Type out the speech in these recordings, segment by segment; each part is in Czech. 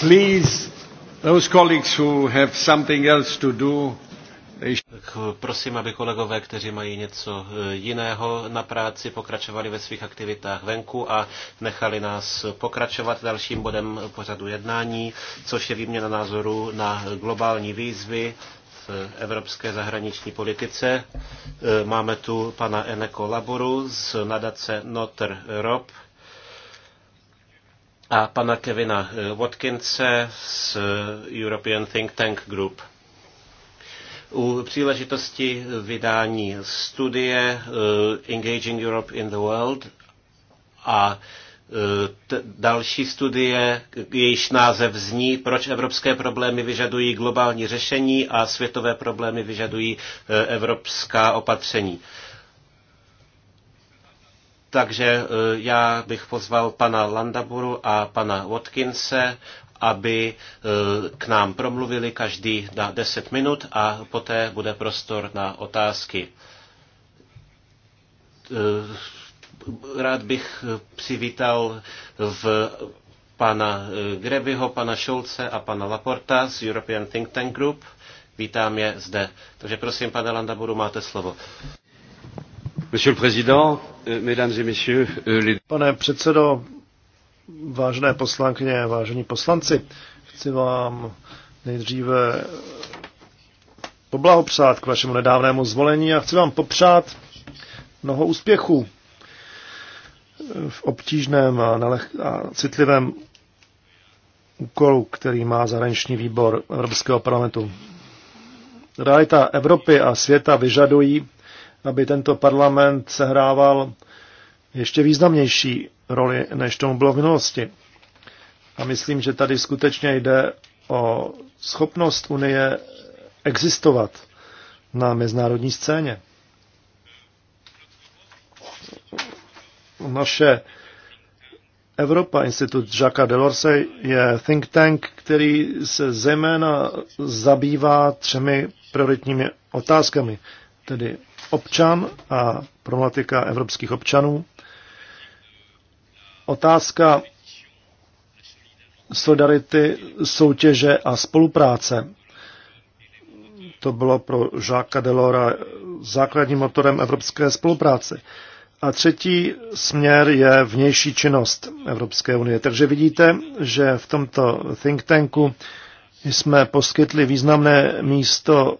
Please, those colleagues who have something else to do, tak eh, prosím, aby kolegové, kteří mají něco eh, jiného na práci, pokračovali ve svých aktivitách venku a nechali nás pokračovat dalším bodem pořadu jednání, což je výměna názoru na globální výzvy v evropské zahraniční politice. Eh, máme tu pana Eneko Laboru z nadace Notr Rob a pana Kevina eh, Watkinse z eh, European Think Tank Group. U příležitosti vydání studie eh, Engaging Europe in the World a další studie, jejíž název zní, proč evropské problémy vyžadují globální řešení a světové problémy vyžadují evropská opatření. Takže e, já bych pozval pana Landaburu a pana Watkinse, aby e, k nám promluvili každý na 10 minut a poté bude prostor na otázky. E, rád bych přivítal v pana Grebyho, pana Šulce a pana Laporta z European Think Tank Group. Vítám je zde. Takže prosím, pane Landaburu, máte slovo. Euh, euh, Pane předsedo, vážené poslankyně, vážení poslanci, chci vám nejdříve poblahopřát k vašemu nedávnému zvolení a chci vám popřát mnoho úspěchů v obtížném a, nelech- a citlivém úkolu, který má zahraniční výbor Evropského parlamentu. Realita Evropy a světa vyžadují, aby tento parlament sehrával ještě významnější roli, než tomu bylo v minulosti. A myslím, že tady skutečně jde o schopnost Unie existovat na mezinárodní scéně. Naše Evropa, institut Jacques Delors je think tank, který se zejména zabývá třemi prioritními otázkami tedy občan a problematika evropských občanů. Otázka solidarity, soutěže a spolupráce. To bylo pro Žáka Delora základním motorem evropské spolupráce. A třetí směr je vnější činnost Evropské unie. Takže vidíte, že v tomto think tanku jsme poskytli významné místo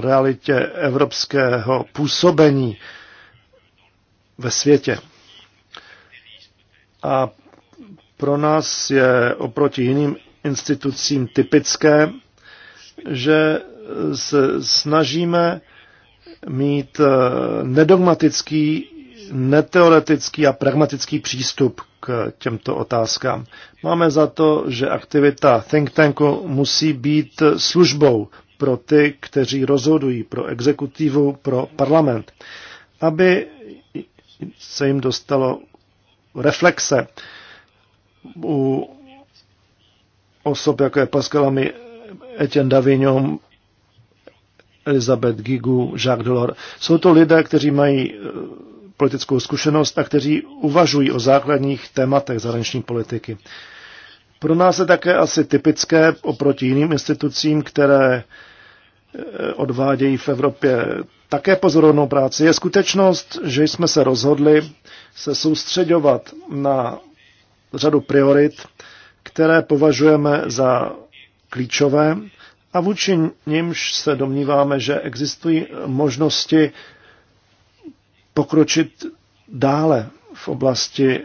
realitě evropského působení ve světě. A pro nás je oproti jiným institucím typické, že se snažíme mít eh, nedogmatický, neteoretický a pragmatický přístup k těmto otázkám. Máme za to, že aktivita think tanku musí být službou pro ty, kteří rozhodují, pro exekutivu, pro parlament, aby se jim dostalo reflexe u osob, jako je Pascal Etienne Davignon, Elizabeth Gigu, Jacques Delors. Jsou to lidé, kteří mají eh, politickou zkušenost a kteří uvažují o základních tématech zahraniční politiky. Pro nás je také asi typické oproti jiným institucím, které Eh, odvádějí v Evropě také pozorovnou práci, je skutečnost, že jsme se rozhodli se soustředovat na řadu priorit, které považujeme za klíčové a vůči nímž se domníváme, že existují možnosti pokročit dále v oblasti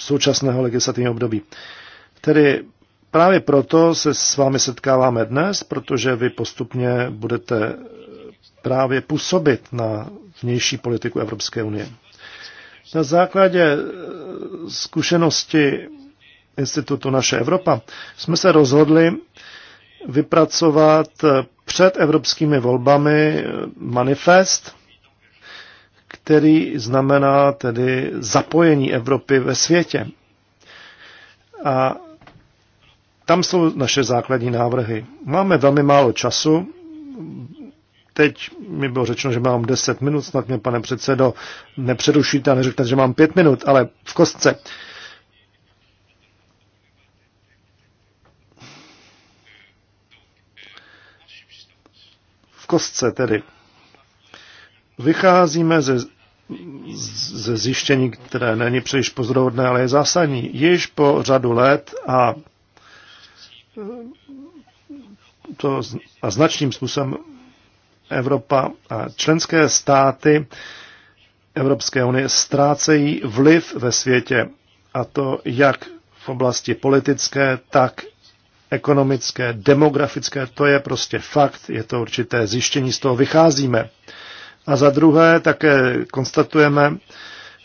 současného legislativního období. Tedy Právě proto se s vámi setkáváme dnes, protože vy postupně budete právě působit na vnější politiku Evropské unie. Na základě eh, zkušenosti institutu Naše Evropa jsme se rozhodli vypracovat eh, před evropskými volbami eh, manifest, který znamená tedy zapojení Evropy ve světě. A tam jsou naše základní návrhy. Máme velmi málo času. Teď mi bylo řečeno, že mám 10 minut, snad mě, pane předsedo, nepřerušíte a neřeknete, že mám 5 minut, ale v kostce. V kostce tedy. Vycházíme ze, ze zjištění, které není příliš pozorodné, ale je zásadní. Již po řadu let a to a značným způsobem Evropa a členské státy Evropské unie ztrácejí vliv ve světě, a to jak v oblasti politické, tak ekonomické, demografické, to je prostě fakt, je to určité zjištění, z toho vycházíme. A za druhé také konstatujeme,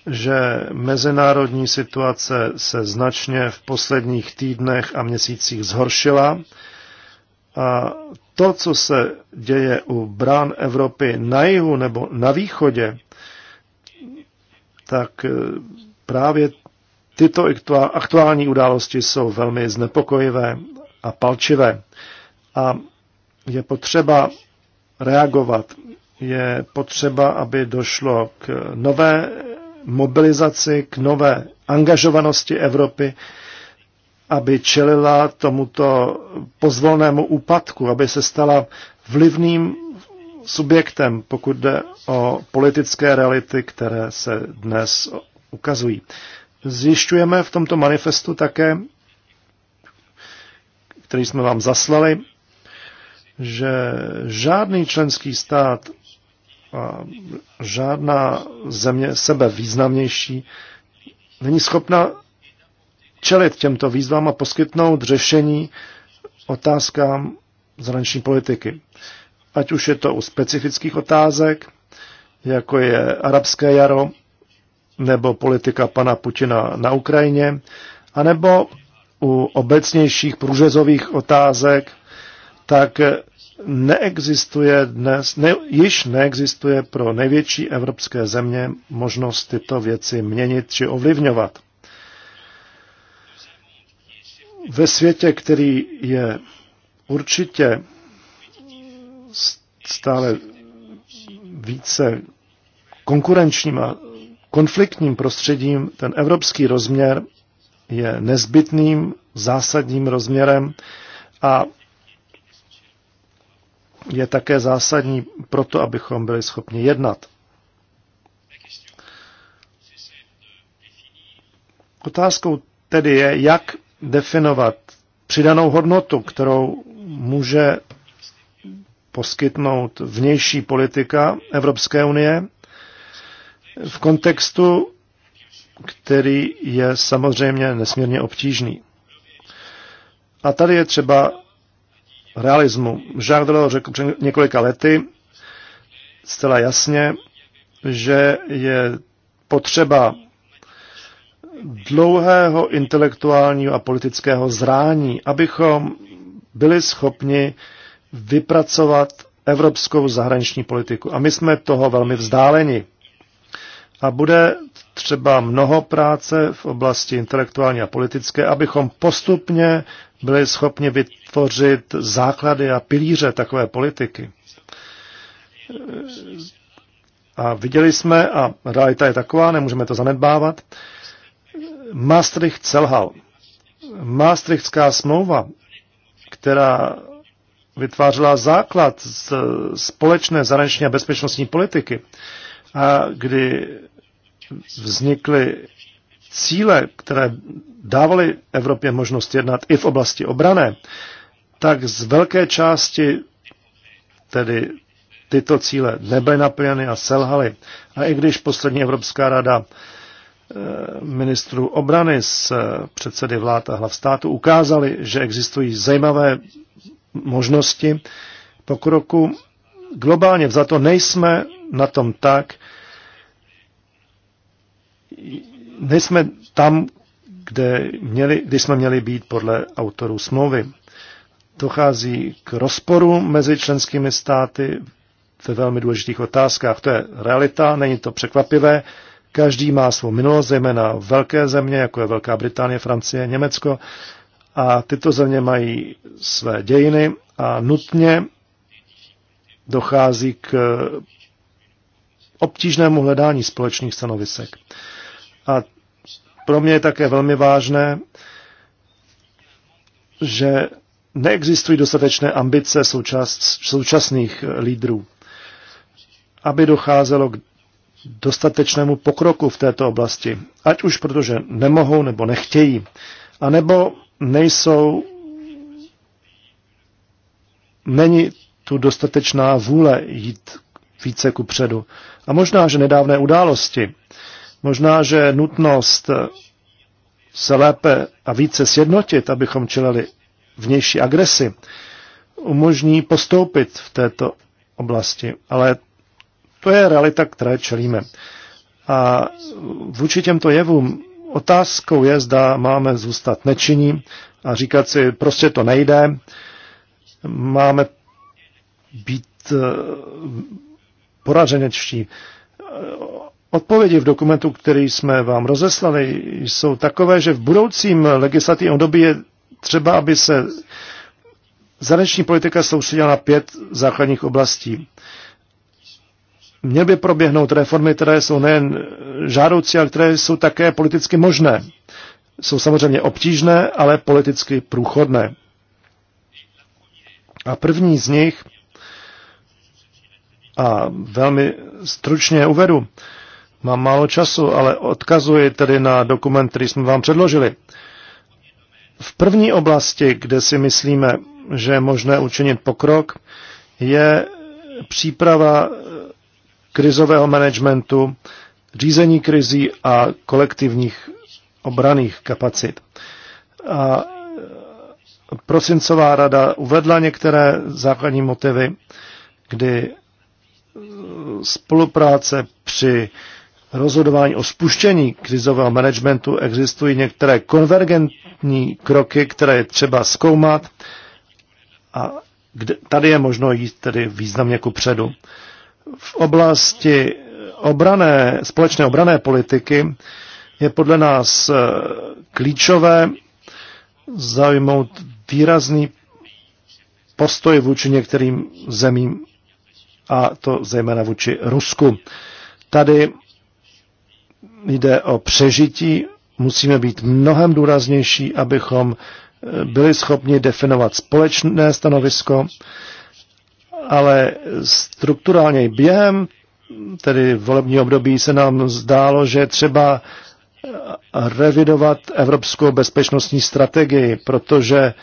že mezinárodní situace se značně v posledních týdnech a měsících zhoršila a to, co se děje u brán Evropy na jihu nebo na východě, tak e, právě tyto aktuální události jsou velmi znepokojivé a palčivé. A je potřeba reagovat. Je potřeba, aby došlo k nové mobilizaci, k nové angažovanosti Evropy, aby čelila tomuto pozvolnému úpadku, aby se stala vlivným subjektem, pokud jde o politické reality, které se dnes ukazují. Zjišťujeme v tomto manifestu také, který jsme vám zaslali, že žádný členský stát žádná země sebe významnější není schopna čelit těmto výzvám a poskytnout řešení otázkám zahraniční politiky. Ať už je to u specifických otázek, jako je arabské jaro, nebo politika pana Putina na Ukrajině, anebo u obecnějších průřezových otázek, tak neexistuje dnes, ne, již neexistuje pro největší evropské země možnost tyto věci měnit či ovlivňovat. Ve světě, který je určitě stále více konkurenčním a konfliktním prostředím, ten evropský rozměr je nezbytným, zásadním rozměrem a je také zásadní proto, abychom byli schopni jednat. Otázkou tedy je, jak definovat přidanou hodnotu, kterou může poskytnout vnější politika Evropské unie v kontextu, který je samozřejmě nesmírně obtížný. A tady je třeba realismu. Jacques Delors řekl před několika lety zcela jasně, že je potřeba dlouhého intelektuálního a politického zrání, abychom byli schopni vypracovat evropskou zahraniční politiku. A my jsme toho velmi vzdáleni. A bude třeba mnoho práce v oblasti intelektuální a politické, abychom postupně byli schopni vytvořit základy a pilíře takové politiky. A viděli jsme, a realita je taková, nemůžeme to zanedbávat, Maastricht selhal. Maastrichtská smlouva, která vytvářela základ z společné zahraniční a bezpečnostní politiky, a kdy vznikly cíle, které dávali Evropě možnost jednat i v oblasti obrané, tak z velké části tedy tyto cíle nebyly naplněny a selhaly. A i když poslední Evropská rada eh, ministrů obrany s eh, předsedy vlád a hlav státu ukázali, že existují zajímavé možnosti pokroku, globálně za to nejsme na tom tak, nejsme tam, kde, měli, kde jsme měli být podle autorů smlouvy. Dochází k rozporu mezi členskými státy ve velmi důležitých otázkách. To je realita, není to překvapivé. Každý má svou minulost, zejména velké země, jako je Velká Británie, Francie, Německo. A tyto země mají své dějiny a nutně dochází k obtížnému hledání společných stanovisek. A pro mě je také velmi vážné, že neexistují dostatečné ambice součas, současných eh, lídrů, aby docházelo k dostatečnému pokroku v této oblasti, ať už protože nemohou nebo nechtějí, anebo nejsou, není tu dostatečná vůle jít více ku předu. A možná, že nedávné události Možná, že nutnost eh, se lépe a více sjednotit, abychom čelili vnější agresi, umožní postoupit v této oblasti. Ale to je realita, které čelíme. A vůči těmto jevům otázkou je, zda máme zůstat nečinní a říkat si, prostě to nejde, máme být eh, poraženečtí. Odpovědi v dokumentu, který jsme vám rozeslali, jsou takové, že v budoucím legislativním období je třeba, aby se zahraniční politika soustředila na pět základních oblastí. Měly by proběhnout reformy, které jsou nejen žádoucí, ale které jsou také politicky možné. Jsou samozřejmě obtížné, ale politicky průchodné. A první z nich, a velmi stručně uvedu, Mám málo času, ale odkazuji tedy na dokument, který jsme vám předložili. V první oblasti, kde si myslíme, že je možné učinit pokrok, je příprava krizového managementu, řízení krizí a kolektivních obraných kapacit. A prosincová rada uvedla některé základní motivy, kdy spolupráce při rozhodování o spuštění krizového managementu existují některé konvergentní kroky, které je třeba zkoumat a kde, tady je možno jít tedy významně ku předu. V oblasti obrané, společné obrané politiky je podle nás eh, klíčové zaujmout výrazný postoj vůči některým zemím, a to zejména vůči Rusku. Tady jde o přežití, musíme být mnohem důraznější, abychom eh, byli schopni definovat společné stanovisko, ale strukturálně během tedy volební období se nám zdálo, že třeba eh, revidovat evropskou bezpečnostní strategii, protože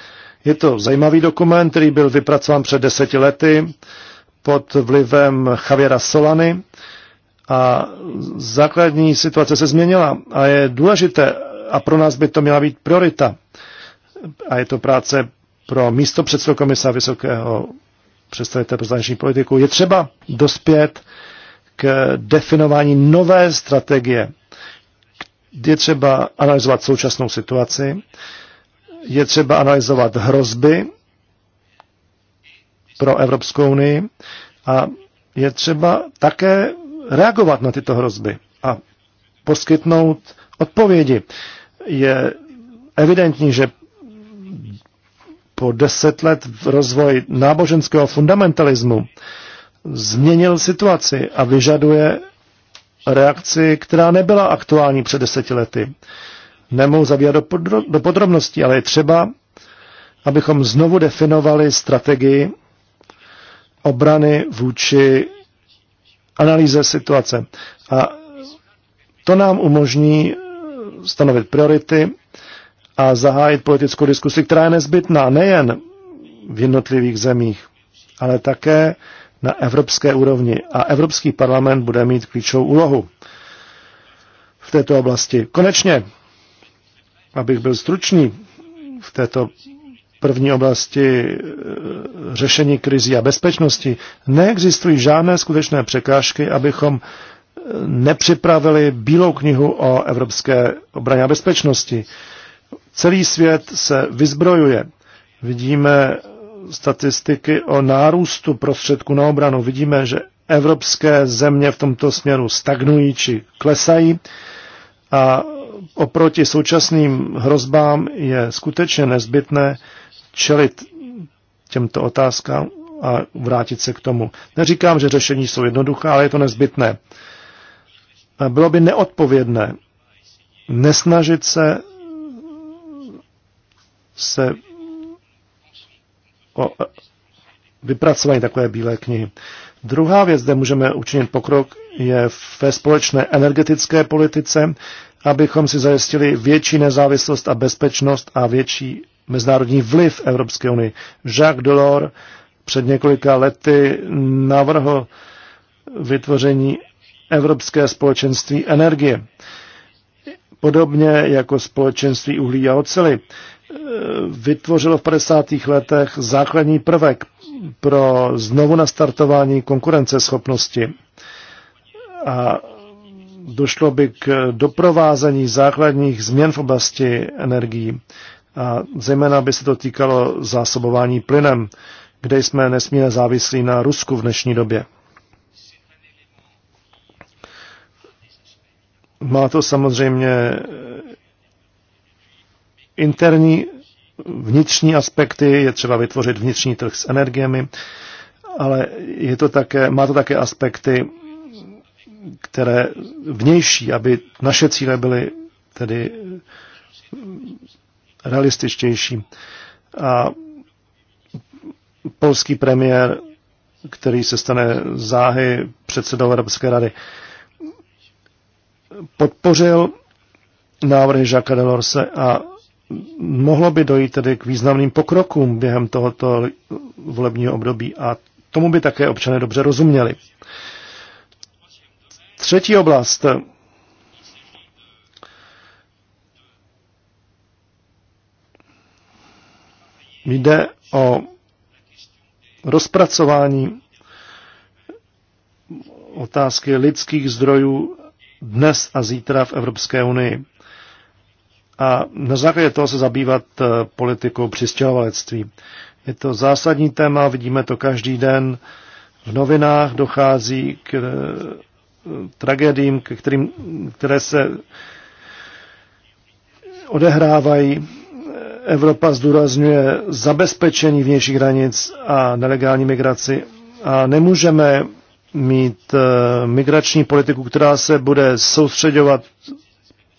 je to zajímavý dokument, který byl vypracován před deseti lety pod vlivem Javiera Solany a základní situace se změnila a je důležité a pro nás by to měla být priorita. A je to práce pro místo předsedu komisa Vysokého představitele pro zahraniční politiku. Je třeba dospět k definování nové strategie. Je třeba analyzovat současnou situaci, je třeba analyzovat hrozby pro Evropskou unii a je třeba také reagovat na tyto hrozby a poskytnout odpovědi. Je evidentní, že po deset let v rozvoji náboženského fundamentalismu změnil situaci a vyžaduje reakci, která nebyla aktuální před deseti lety. Nemohu zavírat do, podro- do podrobností, ale je třeba, abychom znovu definovali strategii obrany vůči analýze situace. A to nám umožní stanovit priority a zahájit politickou diskusi, která je nezbytná nejen v jednotlivých zemích, ale také na evropské úrovni. A Evropský parlament bude mít klíčovou úlohu v této oblasti. Konečně, abych byl stručný v této první oblasti řešení krizí a bezpečnosti neexistují žádné skutečné překážky, abychom eh, nepřipravili bílou knihu o evropské obraně a bezpečnosti. Celý svět se vyzbrojuje. Vidíme statistiky o nárůstu prostředků na obranu. Vidíme, že evropské země v tomto směru stagnují či klesají a oproti současným hrozbám je skutečně nezbytné čelit těmto otázkám a vrátit se k tomu. Neříkám, že řešení jsou jednoduchá, ale je to nezbytné. bylo by neodpovědné nesnažit se se o vypracování takové bílé knihy. Druhá věc, kde můžeme učinit pokrok, je ve společné energetické politice, abychom si zajistili větší nezávislost a bezpečnost a větší mezinárodní vliv Evropské unie. Jacques Delors před několika lety navrhl vytvoření Evropské společenství energie. Podobně jako společenství uhlí a ocely e, vytvořilo v 50. letech základní prvek pro znovu nastartování konkurenceschopnosti. A došlo by k doprovázení základních změn v oblasti energií. A zejména by se to týkalo zásobování plynem, kde jsme nesmírně závislí na Rusku v dnešní době. Má to samozřejmě interní vnitřní aspekty, je třeba vytvořit vnitřní trh s energiemi, ale je to také, má to také aspekty, které vnější, aby naše cíle byly tedy realističtější. A polský premiér, který se stane záhy předsedou Evropské rady, podpořil návrhy Jacques Delorse a mohlo by dojít tedy k významným pokrokům během tohoto volebního období a tomu by také občané dobře rozuměli. Třetí oblast, Jde o rozpracování otázky lidských zdrojů dnes a zítra v Evropské unii. A na základě toho se zabývat eh, politikou přistěhovalectví. Je to zásadní téma, vidíme to každý den. V novinách dochází k eh, tragédiím, které se odehrávají Evropa zdůrazňuje zabezpečení vnějších hranic a nelegální migraci a nemůžeme mít eh, migrační politiku, která se bude soustředovat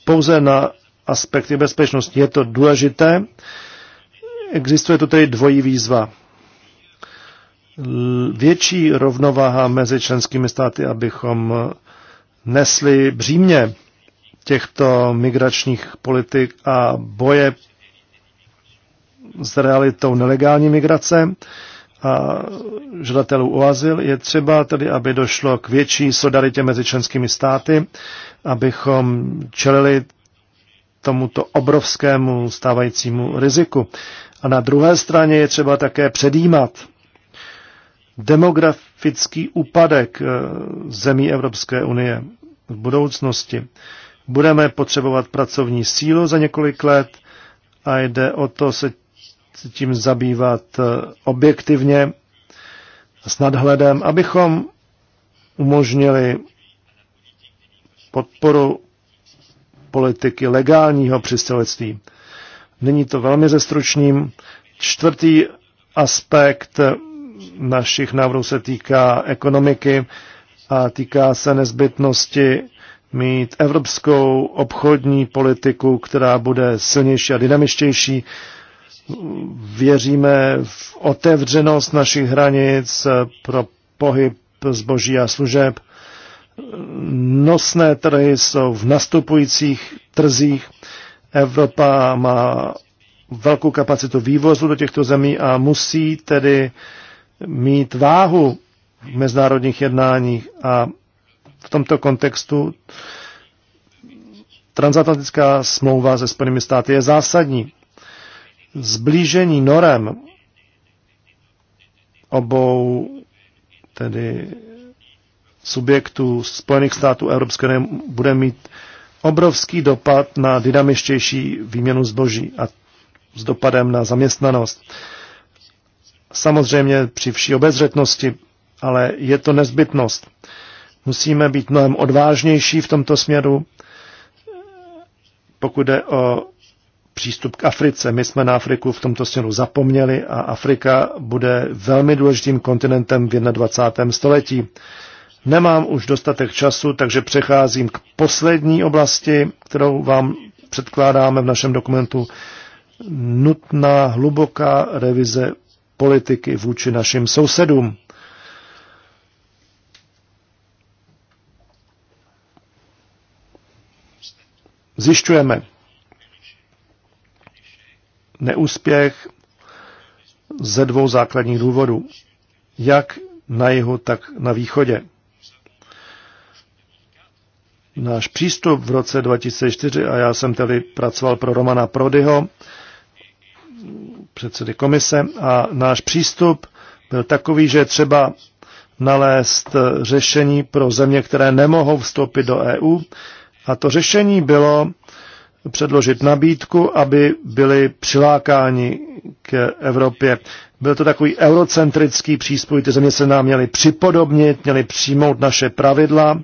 pouze na aspekty bezpečnosti. Je to důležité. Existuje tu tedy dvojí výzva. Větší rovnováha mezi členskými státy, abychom eh, nesli břímě těchto migračních politik a boje s realitou nelegální migrace a žadatelů o azyl, je třeba tedy, aby došlo k větší solidaritě mezi členskými státy, abychom čelili tomuto obrovskému stávajícímu riziku. A na druhé straně je třeba také předjímat demografický úpadek eh, zemí Evropské unie v budoucnosti. Budeme potřebovat pracovní sílu za několik let a jde o to se tím zabývat eh, objektivně s nadhledem, abychom umožnili podporu politiky legálního přistěhovalectví. Není to velmi zestručním. Čtvrtý aspekt našich návrhů se týká ekonomiky a týká se nezbytnosti mít evropskou obchodní politiku, která bude silnější a dynamičtější Věříme v otevřenost našich hranic pro pohyb zboží a služeb. Nosné trhy jsou v nastupujících trzích. Evropa má velkou kapacitu vývozu do těchto zemí a musí tedy mít váhu v mezinárodních jednáních a v tomto kontextu transatlantická smlouva se Spojenými státy je zásadní zblížení norem obou tedy subjektů Spojených států Evropské unie bude mít obrovský dopad na dynamičtější výměnu zboží a s dopadem na zaměstnanost. Samozřejmě při vší obezřetnosti, ale je to nezbytnost. Musíme být mnohem odvážnější v tomto směru, pokud jde o přístup k Africe. My jsme na Afriku v tomto směru zapomněli a Afrika bude velmi důležitým kontinentem v 21. století. Nemám už dostatek času, takže přecházím k poslední oblasti, kterou vám předkládáme v našem dokumentu. Nutná hluboká revize politiky vůči našim sousedům. Zjišťujeme, neúspěch ze dvou základních důvodů. Jak na jihu, tak na východě. Náš přístup v roce 2004, a já jsem tedy pracoval pro Romana Prodyho, předsedy komise, a náš přístup byl takový, že třeba nalézt řešení pro země, které nemohou vstoupit do EU. A to řešení bylo předložit nabídku, aby byli přilákáni k Evropě. Byl to takový eurocentrický přístup, ty země se nám měly připodobnit, měly přijmout naše pravidla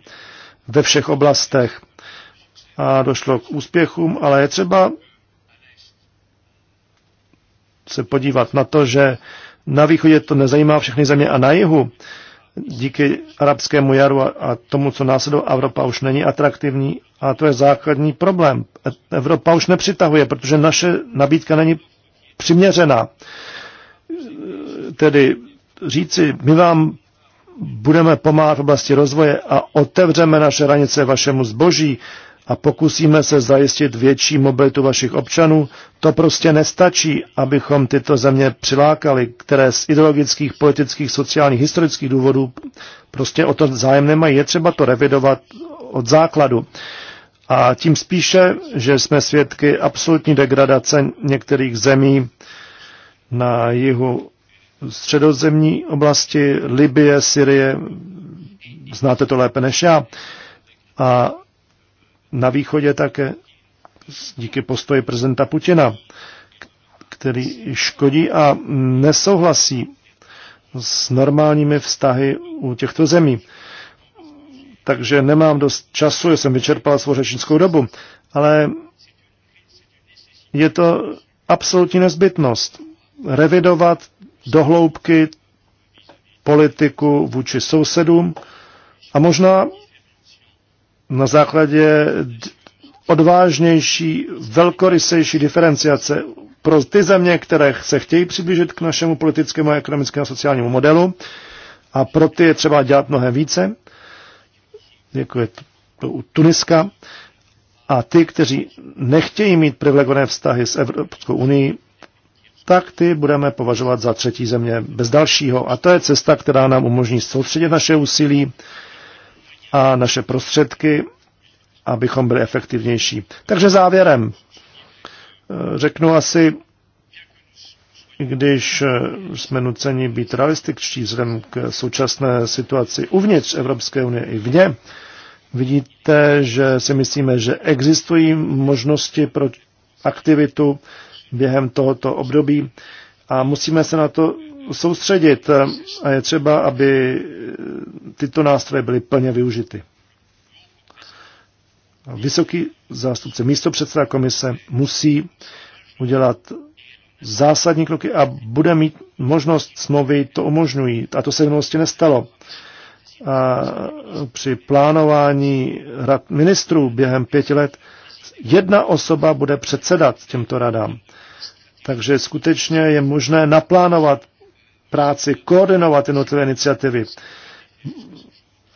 ve všech oblastech. A došlo k úspěchům, ale je třeba se podívat na to, že na východě to nezajímá všechny země a na jihu díky arabskému jaru a, a tomu, co následuje Evropa, už není atraktivní a to je základní problém. Evropa už nepřitahuje, protože naše nabídka není přiměřená. Tedy říci, my vám budeme pomáhat v oblasti rozvoje a otevřeme naše hranice vašemu zboží a pokusíme se zajistit větší mobilitu vašich občanů, to prostě nestačí, abychom tyto země přilákali, které z ideologických, politických, sociálních, historických důvodů prostě o to zájem nemají. Je třeba to revidovat od základu. A tím spíše, že jsme svědky absolutní degradace některých zemí na jihu středozemní oblasti, Libie, Syrie, znáte to lépe než já, a na východě také díky postoji prezidenta Putina, který škodí a nesouhlasí s normálními vztahy u těchto zemí takže nemám dost času, já jsem vyčerpal svou řečnickou dobu, ale je to absolutní nezbytnost revidovat dohloubky politiku vůči sousedům a možná na základě odvážnější, velkorysejší diferenciace pro ty země, které se chtějí přiblížit k našemu politickému, ekonomickému a sociálnímu modelu a pro ty je třeba dělat mnohem více jako je u Tuniska. A ty, kteří nechtějí mít privilegované vztahy s Evropskou unii, tak ty budeme považovat za třetí země bez dalšího. A to je cesta, která nám umožní soustředit naše úsilí a naše prostředky, abychom byli efektivnější. Takže závěrem eh, řeknu asi, když eh, jsme nuceni být realističtí vzhledem k současné situaci uvnitř Evropské unie i vně, vidíte, že si myslíme, že existují možnosti pro aktivitu během tohoto období a musíme se na to soustředit eh, a je třeba, aby eh, tyto nástroje byly plně využity. Vysoký zástupce místo předseda komise musí udělat zásadní kroky a bude mít možnost smlouvy, to umožňují. A to se v minulosti nestalo. A při plánování rad ministrů během pěti let jedna osoba bude předsedat těmto radám. Takže skutečně je možné naplánovat práci, koordinovat jednotlivé iniciativy.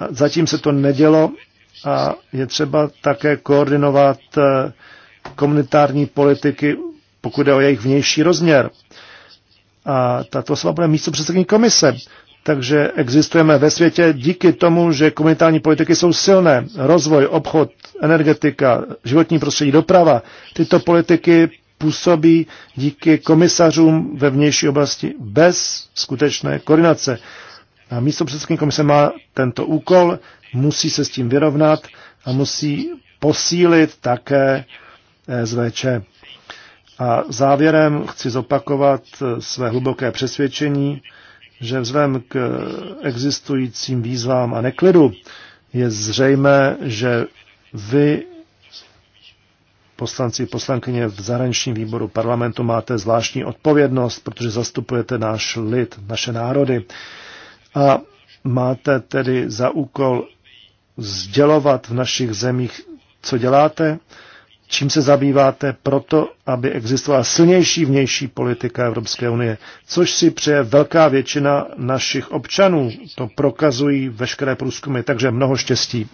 Zatím se to nedělo a je třeba také koordinovat eh, komunitární politiky pokud jde o jejich vnější rozměr. A tato osoba bude místo předsedkyní komise. Takže existujeme ve světě díky tomu, že komunitární politiky jsou silné. Rozvoj, obchod, energetika, životní prostředí, doprava. Tyto politiky působí díky komisařům ve vnější oblasti bez skutečné koordinace. A místo předsedkyní komise má tento úkol, musí se s tím vyrovnat a musí posílit také SVČ. Eh, a závěrem chci zopakovat své hluboké přesvědčení, že vzhledem k existujícím výzvám a neklidu je zřejmé, že vy, poslanci poslankyně v zahraničním výboru parlamentu, máte zvláštní odpovědnost, protože zastupujete náš lid, naše národy. A máte tedy za úkol sdělovat v našich zemích, co děláte, čím se zabýváte proto, aby existovala silnější vnější politika Evropské unie, což si přeje velká většina našich občanů. To prokazují veškeré průzkumy, takže mnoho štěstí.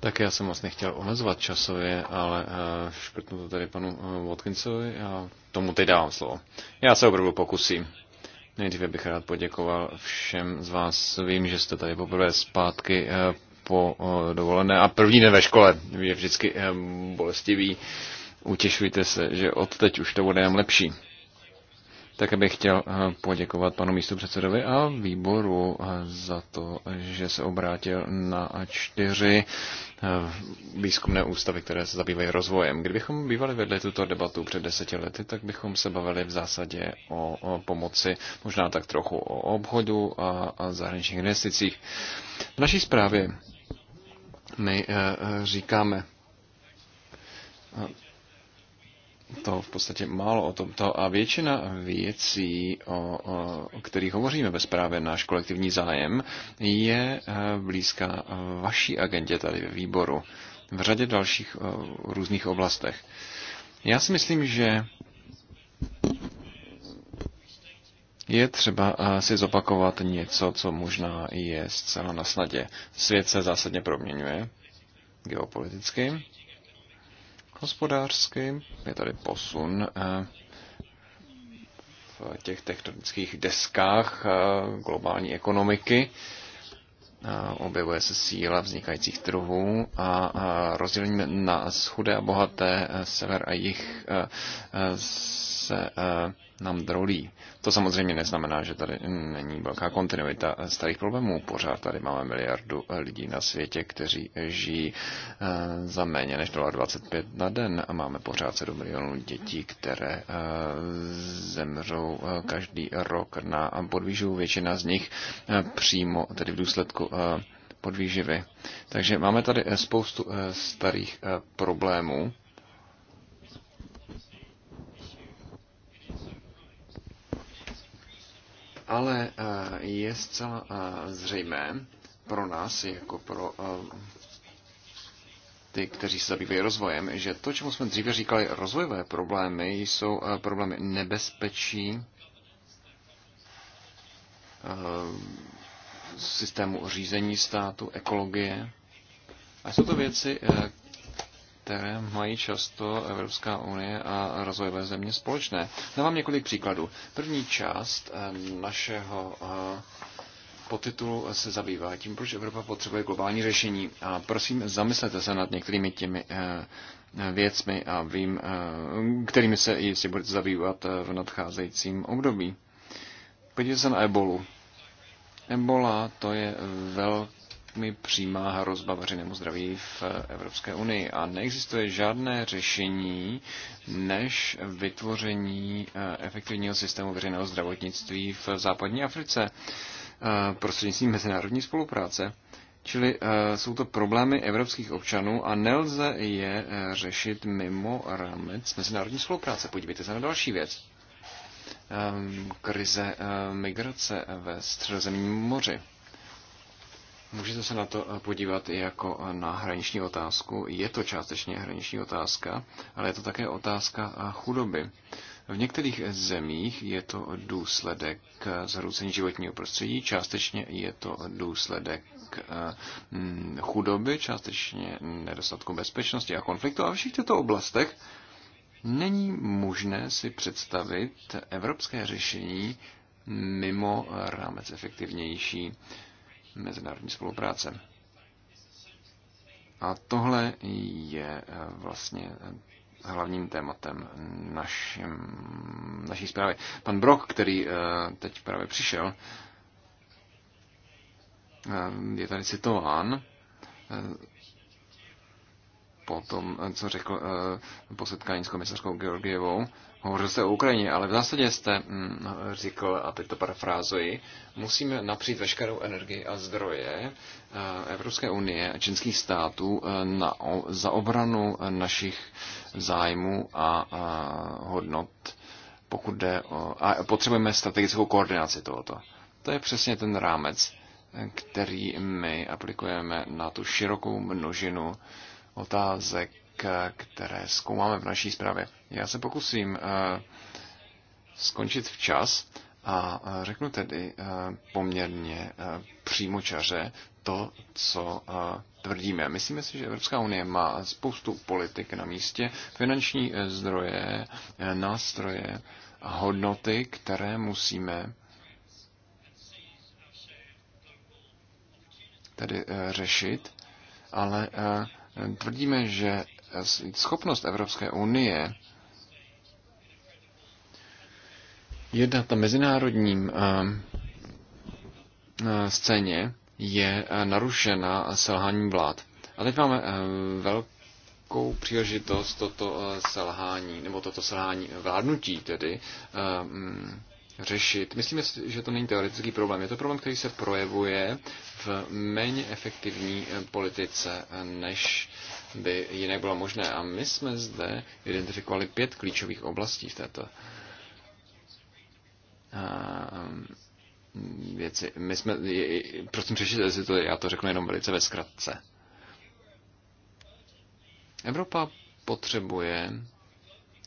Tak já jsem vlastně nechtěl omezovat časově, ale eh, škrtnu to tady panu eh, Watkinsovi a tomu teď dávám slovo. Já se opravdu pokusím. Nejdříve bych rád poděkoval všem z vás. Vím, že jste tady poprvé zpátky eh, po eh, dovolené a první den ve škole je vždycky eh, bolestivý. Utěšujte se, že od teď už to bude jen lepší. Tak bych chtěl eh, poděkovat panu místopředsedovi a výboru za to, že se obrátil na čtyři výzkumné ústavy, které se zabývají rozvojem. Kdybychom bývali vedli tuto debatu před deseti lety, tak bychom se bavili v zásadě o, pomoci, možná tak trochu o obchodu a, a zahraničních investicích. V naší zprávě my eh, eh, říkáme. To v podstatě málo o tomto a většina věcí, o, o, o kterých hovoříme ve zprávě náš kolektivní zájem, je eh, blízká vaší agendě tady ve výboru v řadě dalších různých oblastech. Já si myslím, že je třeba eh, si zopakovat něco, co možná je zcela na snadě. Svět se zásadně proměňuje geopoliticky, hospodářsky, je tady posun eh, v těch technických deskách eh, globální ekonomiky, objevuje se síla vznikajících trhů a rozdělení na chudé a bohaté sever a jich se nám drolí. To samozřejmě neznamená, že tady není velká kontinuita starých problémů. Pořád tady máme miliardu lidí na světě, kteří žijí eh, za méně než 25 na den a máme pořád 7 milionů dětí, které eh, zemřou eh, každý rok na podvýživu. Většina z nich přímo, tedy v důsledku podvýživy. Takže máme tady spoustu starých problémů ale eh, je zcela eh, zřejmé pro nás, jako pro eh, ty, kteří se zabývají rozvojem, že to, čemu jsme dříve říkali rozvojové problémy, jsou problémy nebezpečí systému řízení státu, ekologie. A jsou to věci, které mají často Evropská unie a rozvojové země společné. Dávám několik příkladů. První část našeho podtitulu se zabývá tím, proč Evropa potřebuje globální řešení. A prosím, zamyslete se nad některými těmi e, věcmi, a vím, e, kterými se jistě budete zabývat e, v nadcházejícím období. Podívejte se na ebolu. Ebola to je velký mi přímá hrozba veřejnému zdraví v Evropské unii. A neexistuje žádné řešení než vytvoření eh, efektivního systému veřejného zdravotnictví v západní Africe eh, prostřednictvím mezinárodní spolupráce. Čili eh, jsou to problémy evropských občanů a nelze je řešit mimo rámec mezinárodní spolupráce. Podívejte se na další věc ehm, krize migrace ve středozemním moři. Můžete se na to eh, podívat i jako eh, na hraniční otázku. Je to částečně hraniční otázka, ale je to také otázka eh, chudoby. V některých zemích je to důsledek zhroucení životního prostředí, částečně je to důsledek chudoby, částečně nedostatku bezpečnosti a konfliktu. A v všech těchto oblastech není možné si představit evropské řešení mimo rámec efektivnější mezinárodní spolupráce. A tohle je eh, vlastně eh, hlavním tématem našim, naší zprávy. Pan Brok, který eh, teď právě přišel, je tady citován po tom, co řekl po setkání s komisařkou Georgievou Hovořil jste o Ukrajině, ale v zásadě jste mm, říkal, a teď to parafrázuji, musíme napřít veškerou energii a zdroje eh, Evropské unie a čínských států eh, na, za obranu našich zájmů a, a hodnot, pokud jde o, a potřebujeme strategickou koordinaci tohoto. To je přesně ten rámec, který my aplikujeme na tu širokou množinu otázek Eh, které zkoumáme v naší zprávě. Já se pokusím eh, skončit včas a eh, řeknu tedy poměrně přímočaře to, co tvrdíme. Myslíme si, že Evropská unie má spoustu politik na místě, finanční zdroje, nástroje hodnoty, které musíme tedy řešit, ale tvrdíme, že schopnost Evropské unie jednat na mezinárodním eh, eh, scéně je eh, narušena selháním vlád. A teď máme velkou příležitost toto selhání, nebo toto selhání vládnutí tedy, mm, řešit. Myslím, že to není teoretický problém. Je to problém, který se projevuje v méně efektivní politice, než by jinak bylo možné. A my jsme zde identifikovali pět klíčových oblastí v této um, věci. My jsme, prosím, přečtěte si to, já to řeknu jenom velice ve zkratce. Evropa potřebuje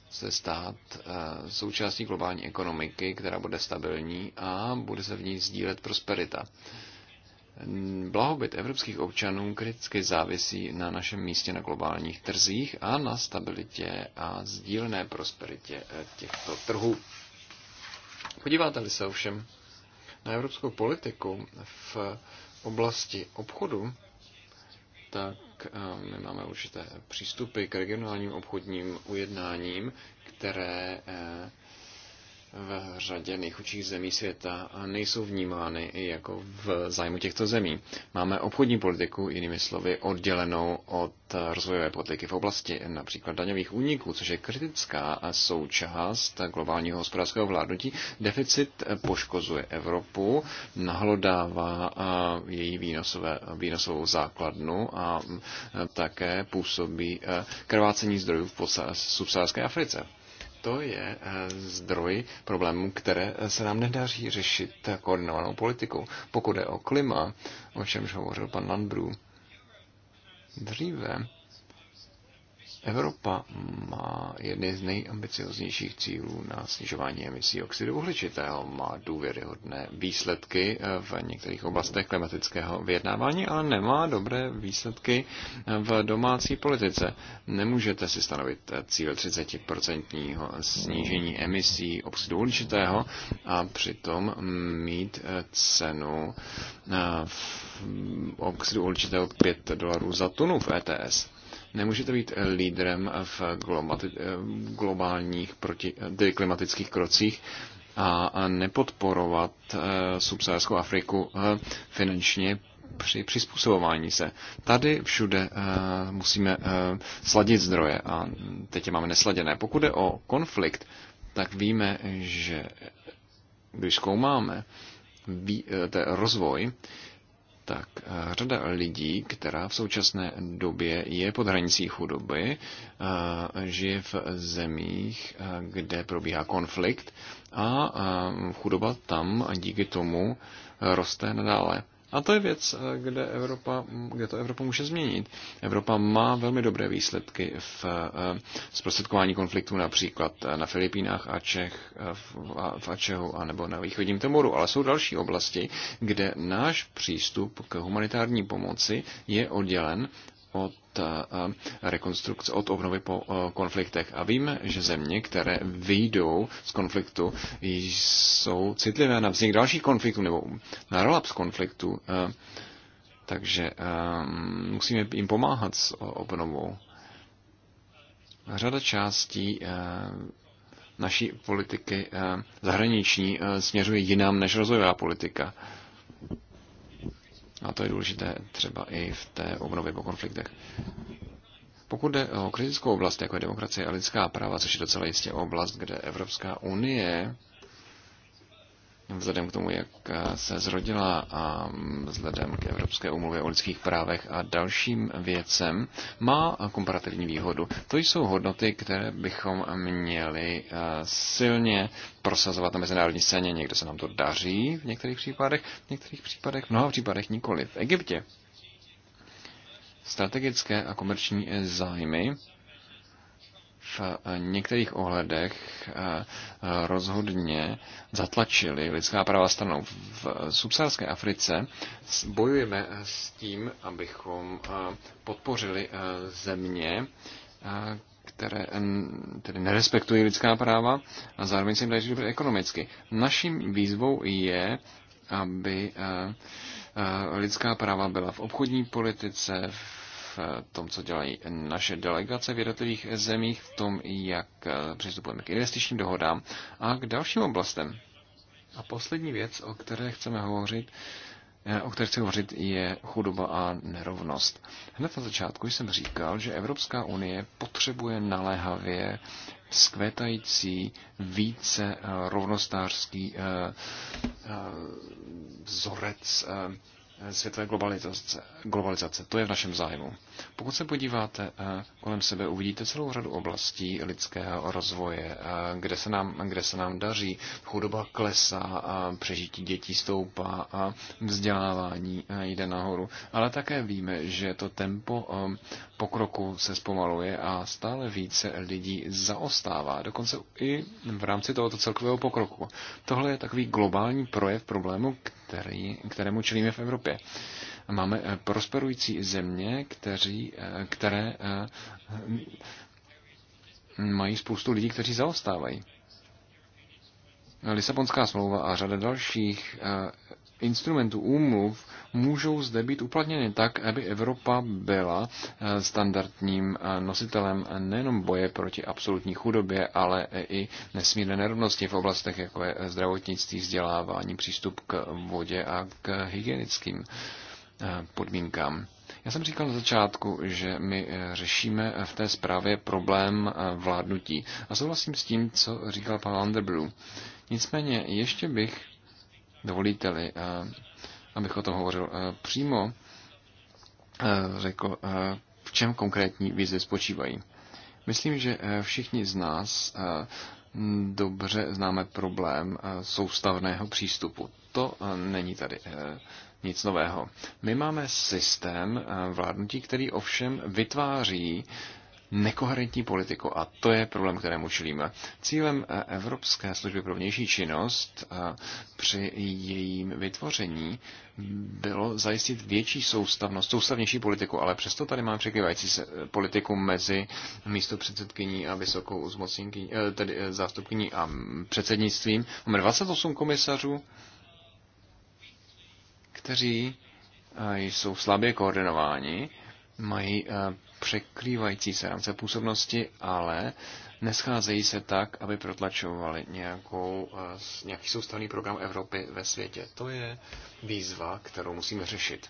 se stát uh, součástí globální ekonomiky, která bude stabilní a bude se v ní sdílet prosperita. Blahobyt evropských občanů kriticky závisí na našem místě na globálních trzích a na stabilitě a sdílné prosperitě eh, těchto trhů. Podíváte-li se ovšem na evropskou politiku v oblasti obchodu, tak eh, my máme určité přístupy k regionálním obchodním ujednáním, které eh, v řadě nejchudších zemí světa nejsou vnímány i jako v zájmu těchto zemí. Máme obchodní politiku, jinými slovy, oddělenou od rozvojové politiky v oblasti například daňových úniků, což je kritická součást globálního hospodářského vládnutí. Deficit poškozuje Evropu, nahlodává její výnosové, výnosovou základnu a také působí e, krvácení zdrojů v subsaharské Africe to je eh, zdroj problémů, které eh, se nám nedaří řešit koordinovanou politikou. Pokud je o klima, o čemž hovořil pan Landru dříve, Evropa má jedny z nejambicioznějších cílů na snižování emisí oxidu uhličitého. Má důvěryhodné výsledky v některých oblastech klimatického vyjednávání, ale nemá dobré výsledky v domácí politice. Nemůžete si stanovit cíl 30% snížení emisí oxidu uhličitého a přitom mít cenu eh, oxidu uhličitého 5 dolarů za tunu v ETS. Nemůžete být eh, lídrem v eh, globálních eh, klimatických krocích a nepodporovat subsaharskou Afriku finančně při přizpůsobování se. Tady všude musíme sladit zdroje a teď je máme nesladěné. Pokud je o konflikt, tak víme, že když zkoumáme rozvoj, tak eh, řada lidí, která v současné době je pod hranicí chudoby, eh, žije v zemích, eh, kde probíhá konflikt a chudoba tam díky tomu roste nadále. A to je věc, eh, kde, Evropa, mm, kde to Evropa může změnit. Evropa má velmi dobré výsledky v eh, zprostředkování konfliktů například eh, na Filipínách a Čech, v Ačehu a nebo na východním Temoru, ale jsou další oblasti, kde náš přístup k humanitární pomoci je oddělen od eh, eh, rekonstrukce, od obnovy po eh, konfliktech. A víme, že země, které vyjdou z konfliktu, jsou citlivé na vznik dalších konfliktů nebo na relaps konfliktu. Takže musíme jim pomáhat s obnovou. Řada částí naší politiky zahraniční směřuje jinam než rozvojová politika. A to je důležité třeba i v té obnově po konfliktech. Pokud jde o kritickou oblast, jako je demokracie a lidská práva, což je docela jistě oblast, kde Evropská unie vzhledem k tomu, jak eh, se zrodila a mm, vzhledem k Evropské umluvě o lidských právech a dalším věcem, má komparativní výhodu. To jsou hodnoty, které bychom měli eh, silně prosazovat na mezinárodní scéně. Někde se nám to daří v některých případech, v některých případech, v mnoha případech nikoli. V Egyptě strategické a komerční eh, zájmy v eh, některých ohledech eh, rozhodně zatlačili lidská práva stranou. V subsaharské Africe bojujeme eh, s tím, abychom podpořili země, které tedy nerespektují lidská práva a zároveň se jim daří ekonomicky. Naším výzvou je, aby lidská práva byla v obchodní politice, v v tom, co dělají naše delegace v jednotlivých zemích, v tom, jak eh, přistupujeme k investičním dohodám a k dalším oblastem. A poslední věc, o které chceme hovořit, eh, o které chci hovořit, je chudoba a nerovnost. Hned na začátku jsem říkal, že Evropská unie potřebuje naléhavě skvětající více eh, rovnostářský vzorec světové globalizace. globalizace. To je v našem zájmu. Pokud se podíváte eh, kolem sebe, uvidíte celou řadu oblastí lidského rozvoje, eh, kde se nám, kde se nám daří. Chudoba klesá, přežití dětí stoupá a vzdělávání eh, jde nahoru. Ale také víme, že to tempo pokroku se zpomaluje a stále více lidí zaostává, dokonce i v rámci tohoto celkového pokroku. Tohle je takový globální projev problému, který, kterému čelíme v Evropě. Máme eh, prosperující země, kteří, eh, které eh, mají spoustu lidí, kteří zaostávají. Lisabonská smlouva a řada dalších instrumentů úmluv můžou zde být uplatněny tak, aby Evropa byla eh, standardním eh, nositelem nejenom boje proti absolutní chudobě, ale i nesmírné nerovnosti v oblastech, jako je eh, zdravotnictví, vzdělávání, přístup k vodě a k hygienickým podmínkám. Já jsem říkal na začátku, že my řešíme v té zprávě problém vládnutí. A souhlasím s tím, co říkal pan Underbrew. Nicméně ještě bych Dovolíte-li, eh, abych o tom hovořil eh, přímo, eh, řekl, v čem konkrétní výzvy spočívají. Myslím, že všichni z nás dobře známe problém soustavného přístupu. To není tady nic nového. My máme systém vládnutí, který ovšem vytváří nekoherentní politiku a to je problém, kterému čelíme. Cílem eh, Evropské služby pro vnější činnost eh, při jejím vytvoření bylo zajistit větší soustavnost, soustavnější politiku, ale přesto tady mám překrývající se eh, politiku mezi místo předsedkyní a vysokou zmocněnkyní, tedy zástupkyní a mm, předsednictvím. Máme 28 komisařů, kteří jsou slabě koordinováni, mají překrývající se rámce působnosti, ale nescházejí se tak, aby protlačovali nějakou, eh, nějaký soustavný program Evropy ve světě. To je výzva, kterou musíme řešit.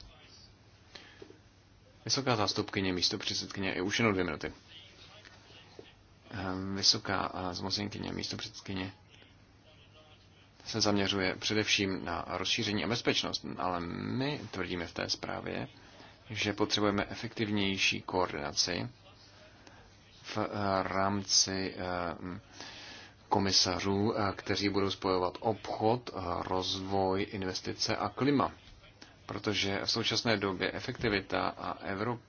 Vysoká zástupkyně, místo předsedkyně, je už jenom dvě minuty. Ehm, vysoká eh, zmocněnkyně, místo předsedkyně se zaměřuje především na rozšíření a bezpečnost, ale my tvrdíme v té zprávě, že potřebujeme efektivnější koordinaci v eh, rámci eh, komisařů, eh, kteří budou spojovat obchod, rozvoj, investice a klima. Protože v současné době efektivita a Evropa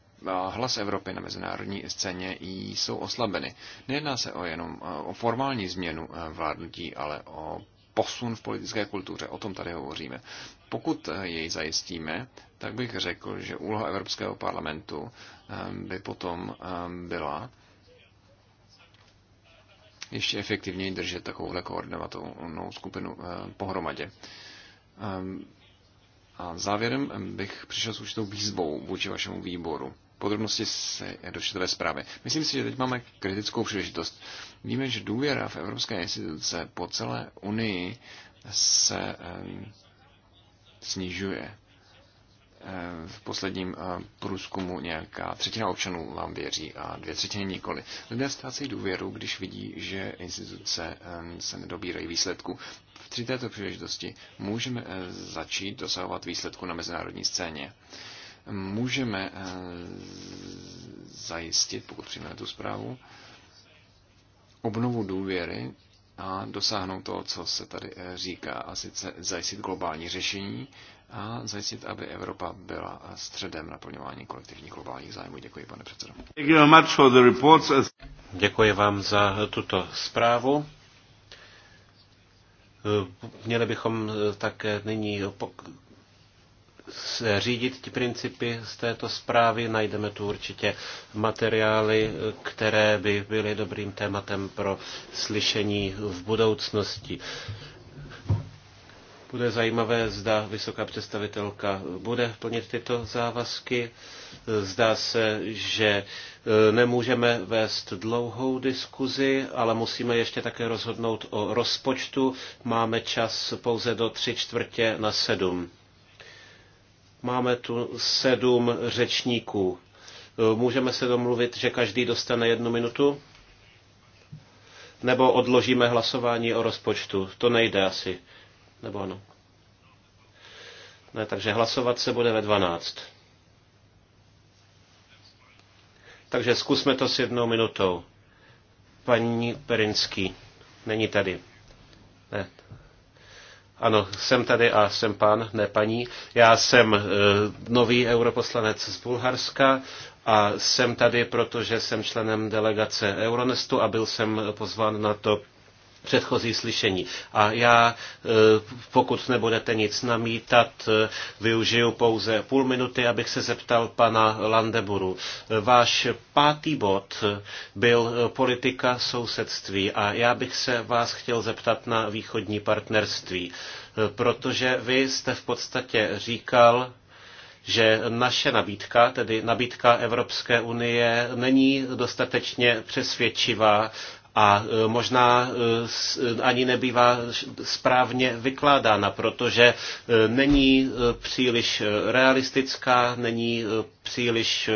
hlas Evropy na mezinárodní scéně jsou oslabeny. Nejedná se o jenom o formální změnu vládnutí, ale o posun v politické kultuře. O tom tady hovoříme. Pokud eh, jej zajistíme, tak bych řekl, že úloha Evropského parlamentu eh, by potom eh, byla ještě efektivněji držet takovouhle koordinovatou skupinu pohromadě. A závěrem bych přišel s určitou výzvou vůči vašemu výboru podrobnosti se dočtete ve zprávě. Myslím si, že teď máme kritickou příležitost. Víme, že důvěra v evropské instituce po celé Unii se snižuje. V posledním eh, průzkumu nějaká třetina občanů vám věří a dvě třetiny nikoli. Lidé ztrácejí důvěru, když vidí, že instituce se nedobírají výsledku. V tři této příležitosti můžeme eh, začít dosahovat výsledku na mezinárodní scéně můžeme eh, zajistit, pokud přijmeme tu zprávu, obnovu důvěry a dosáhnout toho, co se tady eh, říká, a sice zajistit globální řešení a zajistit, aby Evropa byla eh, středem naplňování kolektivních globálních zájmů. Děkuji, pane předsedo. Děkuji vám za tuto zprávu. Měli bychom také nyní řídit ty principy z této zprávy. Najdeme tu určitě materiály, které by byly dobrým tématem pro slyšení v budoucnosti. Bude zajímavé, zda vysoká představitelka bude plnit tyto závazky. Zdá se, že e, nemůžeme vést dlouhou diskuzi, ale musíme ještě také rozhodnout o rozpočtu. Máme čas pouze do tři čtvrtě na sedm. Máme tu sedm řečníků. Můžeme se domluvit, že každý dostane jednu minutu? Nebo odložíme hlasování o rozpočtu? To nejde asi. Nebo ano? Ne, takže hlasovat se bude ve 12. Takže zkusme to s jednou minutou. Paní Perinský není tady. Ano, jsem tady a jsem pan, ne paní. Já jsem e, nový europoslanec z Bulharska a jsem tady, protože jsem členem delegace Euronestu a byl jsem pozván na to předchozí slyšení. A já, e, pokud nebudete nic namítat, e, využiju pouze půl minuty, abych se zeptal pana Landeburu. E, váš pátý bod byl politika sousedství a já bych se vás chtěl zeptat na východní partnerství, protože vy jste v podstatě říkal, že naše nabídka, tedy nabídka Evropské unie, není dostatečně přesvědčivá a e, možná e, e, ani nebývá správně vykládána, protože není příliš realistická, není příliš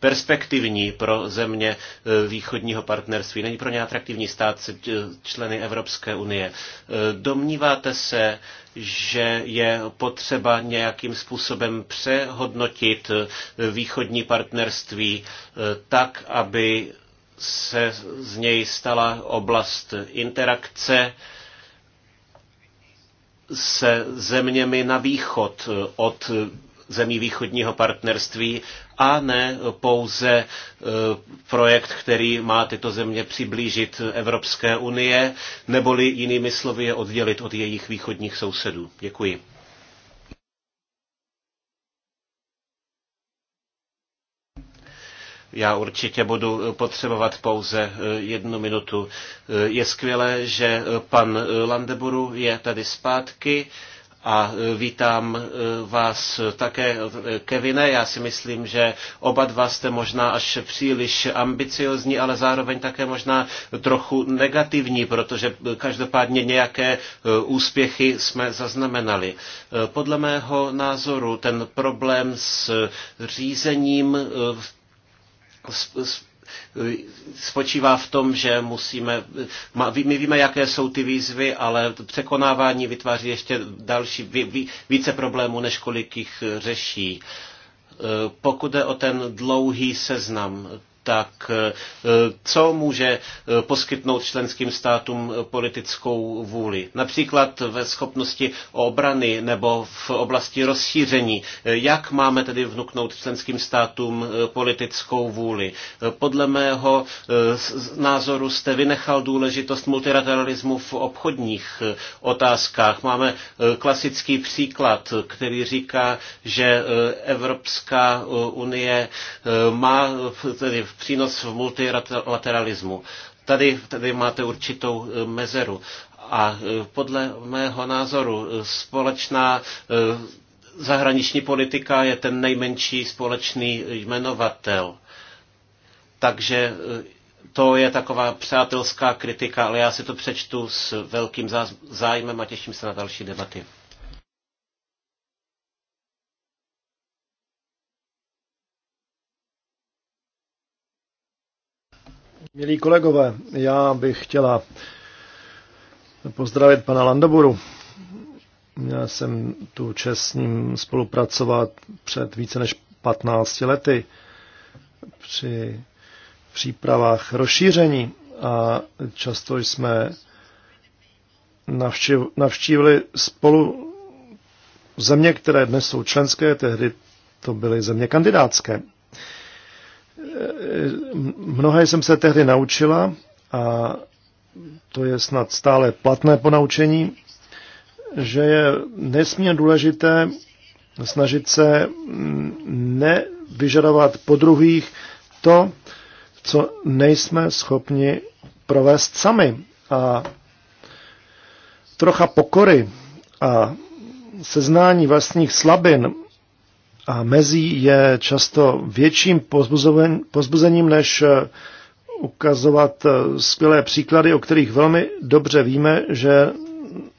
perspektivní pro země východního partnerství, není pro ně atraktivní stát členy Evropské unie. Domníváte se, že je potřeba nějakým způsobem přehodnotit východní partnerství tak, aby se z něj stala oblast interakce se zeměmi na východ od zemí východního partnerství a ne pouze e, projekt, který má tyto země přiblížit Evropské unie, neboli jinými slovy je oddělit od jejich východních sousedů. Děkuji. Já určitě budu potřebovat pouze eh, jednu minutu. Eh, je skvělé, že eh, pan Landeburu je tady zpátky a vítám vás také, Kevine. Já si myslím, že oba dva jste možná až příliš ambiciozní, ale zároveň také možná trochu negativní, protože každopádně nějaké úspěchy jsme zaznamenali. Podle mého názoru ten problém s řízením v jako spočívá v tom, že musíme, my víme, jaké jsou ty výzvy, ale překonávání vytváří ještě další, více problémů, než kolik jich řeší. E, pokud je o ten dlouhý seznam, tak eh, co může eh, poskytnout členským státům eh, politickou vůli? Například ve schopnosti obrany nebo v oblasti rozšíření. Jak máme tedy vnuknout členským státům politickou vůli? Podle mého názoru jste vynechal důležitost multilateralismu v obchodních otázkách. Máme klasický příklad, který říká, že Evropská unie má tedy přínos v multilateralismu. Tady, tady máte určitou e, mezeru. A e, podle mého názoru e, společná zahraniční politika je ten nejmenší společný jmenovatel. Takže to je taková přátelská kritika, ale já si to přečtu s velkým zájmem a těším se na další debaty. Milí kolegové, já bych chtěla pozdravit pana Landaburu. Já jsem tu čest s ním spolupracovat před více než 15 lety při přípravách rozšíření a často jsme navštívili spolu země, které dnes jsou členské, tehdy to byly země kandidátské. Eh, mnohé jsem se tehdy naučila a to je snad stále platné ponaučení, že je nesmírně důležité snažit se mm, nevyžadovat po druhých to, co nejsme schopni provést sami. A trocha pokory a seznání vlastních slabin a mezí je často větším pozbuzením, než eh, ukazovat eh, skvělé příklady, o kterých velmi dobře víme, že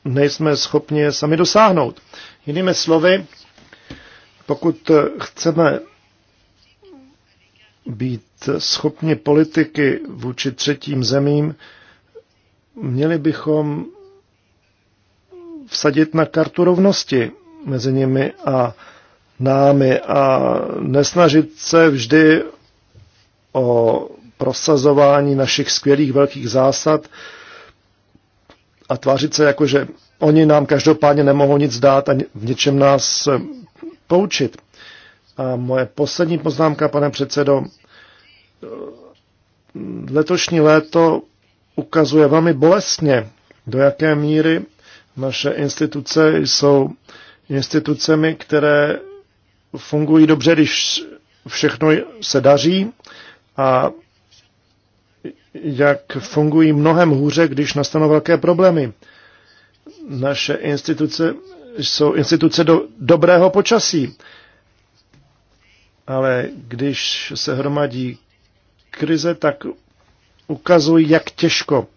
nejsme schopni sami dosáhnout. Jinými slovy, pokud eh, chceme být schopni politiky vůči třetím zemím, měli bychom vsadit na kartu rovnosti mezi nimi a námi a nesnažit se vždy o prosazování našich skvělých velkých zásad a tvářit se jako, že oni nám každopádně nemohou nic dát a v něčem nás poučit. A moje poslední poznámka, pane předsedo, letošní léto ukazuje velmi bolestně, do jaké míry naše instituce jsou institucemi, které fungují dobře, když všechno se daří a jak fungují mnohem hůře, když nastanou velké problémy. Naše instituce jsou instituce do dobrého počasí, ale když se hromadí krize, tak ukazují, jak těžko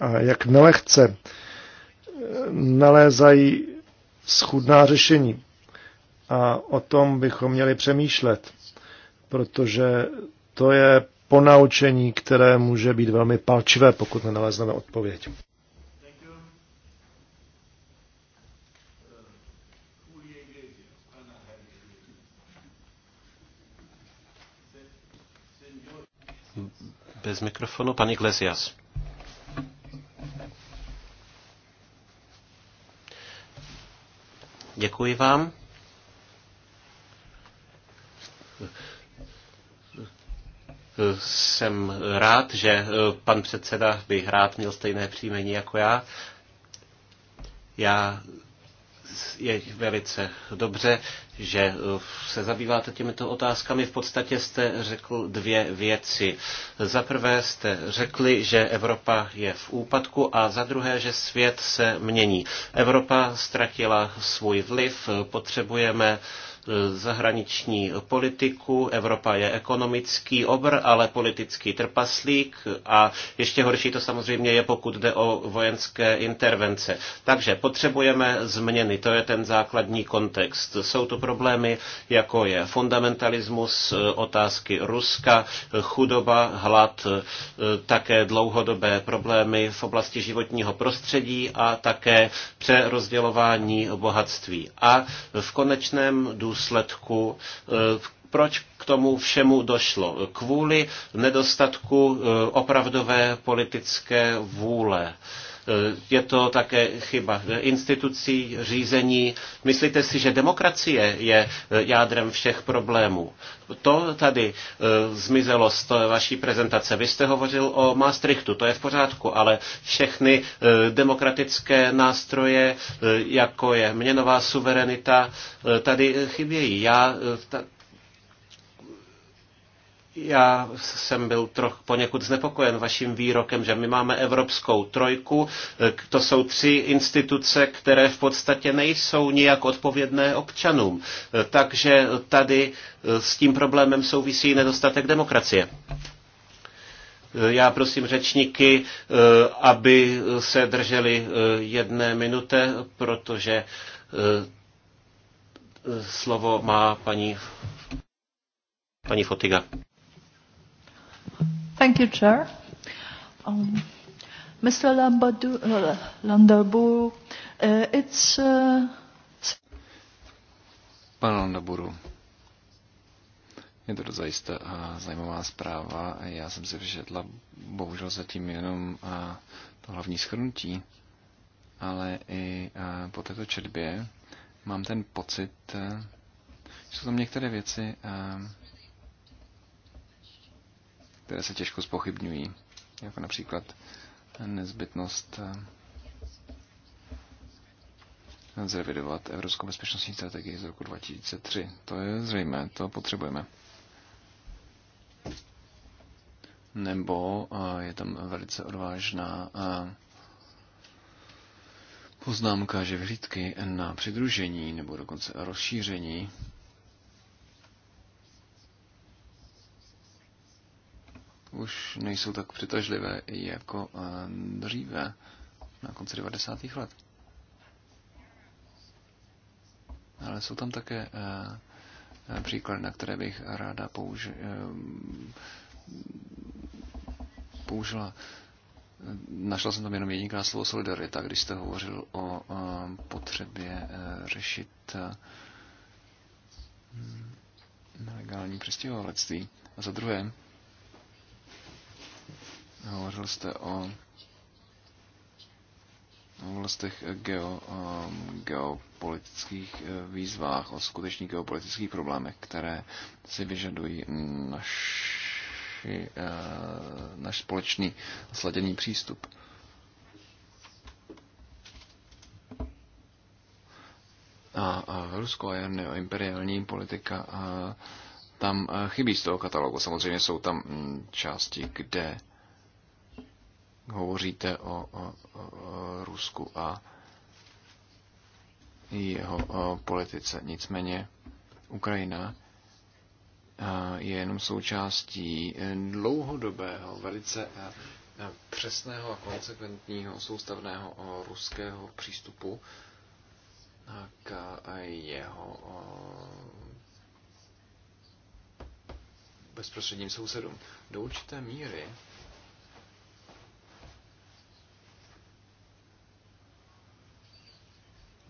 a jak nelehce nalézají schudná řešení. A o tom bychom měli přemýšlet, protože to je ponaučení, které může být velmi palčivé, pokud nenalezneme odpověď. Bez mikrofonu pan Iglesias. Děkuji vám. Jsem rád, že eh, pan předseda by rád měl stejné příjmení jako já. Já je velice dobře, že eh, se zabýváte těmito otázkami. V podstatě jste řekl dvě věci. Za prvé jste řekli, že Evropa je v úpadku a za druhé, že svět se mění. Evropa ztratila svůj vliv, potřebujeme zahraniční politiku. Evropa je ekonomický obr, ale politický trpaslík a ještě horší to samozřejmě je, pokud jde o vojenské intervence. Takže potřebujeme změny, to je ten základní kontext. Jsou tu problémy, jako je fundamentalismus, otázky Ruska, chudoba, hlad, také dlouhodobé problémy v oblasti životního prostředí a také přerozdělování bohatství. A v konečném důsledku důsledku. E, proč k tomu všemu došlo? Kvůli nedostatku e, opravdové politické vůle. Je to také chyba institucí, řízení. Myslíte si, že demokracie je eh, jádrem všech problémů? To tady eh, zmizelo z vaší prezentace. Vy jste hovořil o Maastrichtu, to je v pořádku, ale všechny eh, demokratické nástroje, jako je měnová suverenita, tady chybějí. Já já jsem byl troch poněkud znepokojen vaším výrokem, že my máme Evropskou trojku, to jsou tři instituce, které v podstatě nejsou nijak odpovědné občanům. Takže tady eh, s tím problémem souvisí nedostatek demokracie. Eh, já prosím řečníky, eh, aby se drželi jedné minuty, protože slovo má paní, paní Fotiga. Thank you, Chair. Um, Mr. Lambadu, uh, Landaburu, uh, it's... Uh... Pan Landaburu, je to zajisté uh, zajímavá zpráva. Já jsem si vyšetla bohužel zatím jenom uh, to hlavní schrnutí, ale i uh, po této četbě mám ten pocit, uh, jsou tam některé věci, uh, které se těžko spochybňují, jako například nezbytnost eh, zrevidovat Evropskou bezpečnostní strategii z roku 2003. To je zřejmé, to potřebujeme. Nebo eh, je tam velice odvážná eh, poznámka, že vyhlídky na přidružení nebo dokonce rozšíření už nejsou tak přitažlivé jako eh, dříve, na konci 90. let. Ale jsou tam také eh, eh, příklady, na které bych ráda použi- použila. Našla jsem tam jenom jediné slovo solidarita, když jste hovořil o potřebě řešit nelegální přestěhovalectví. A za druhé, Hovořil jste o vlastech geo, geopolitických e, výzvách, o skutečných geopolitických problémech, které si vyžadují naši, e, naš společný sladěný přístup. A, a Rusko a neoimperiální politika a tam e, chybí z toho katalogu. Samozřejmě jsou tam mm, části, kde hovoříte o, o, o Rusku a jeho o, politice. Nicméně Ukrajina je jenom součástí e, dlouhodobého, velice e, e, přesného a konsekventního soustavného ruského přístupu k jeho bezprostředním sousedům. Do určité míry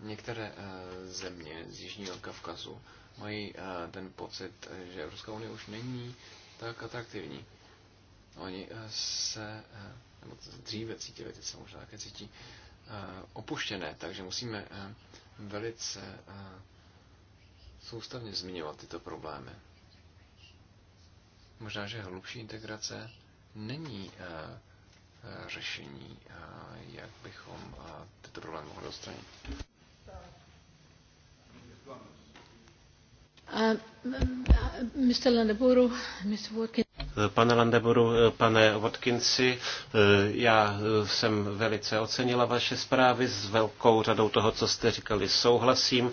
Některé eh, země z Jižního Kavkazu mají eh, ten pocit, že Evropská unie už není tak atraktivní. Oni eh, se, nebo dříve cítili, teď se možná také cítí, opuštěné, takže musíme velice soustavně zmiňovat tyto problémy. Možná, že hlubší integrace není řešení, jak bychom tyto problémy mohli odstranit. Mr. Landaburu, Ms. Watkins. Pane Landeboru, pane Vodkinci, já jsem velice ocenila vaše zprávy, s velkou řadou toho, co jste říkali, souhlasím.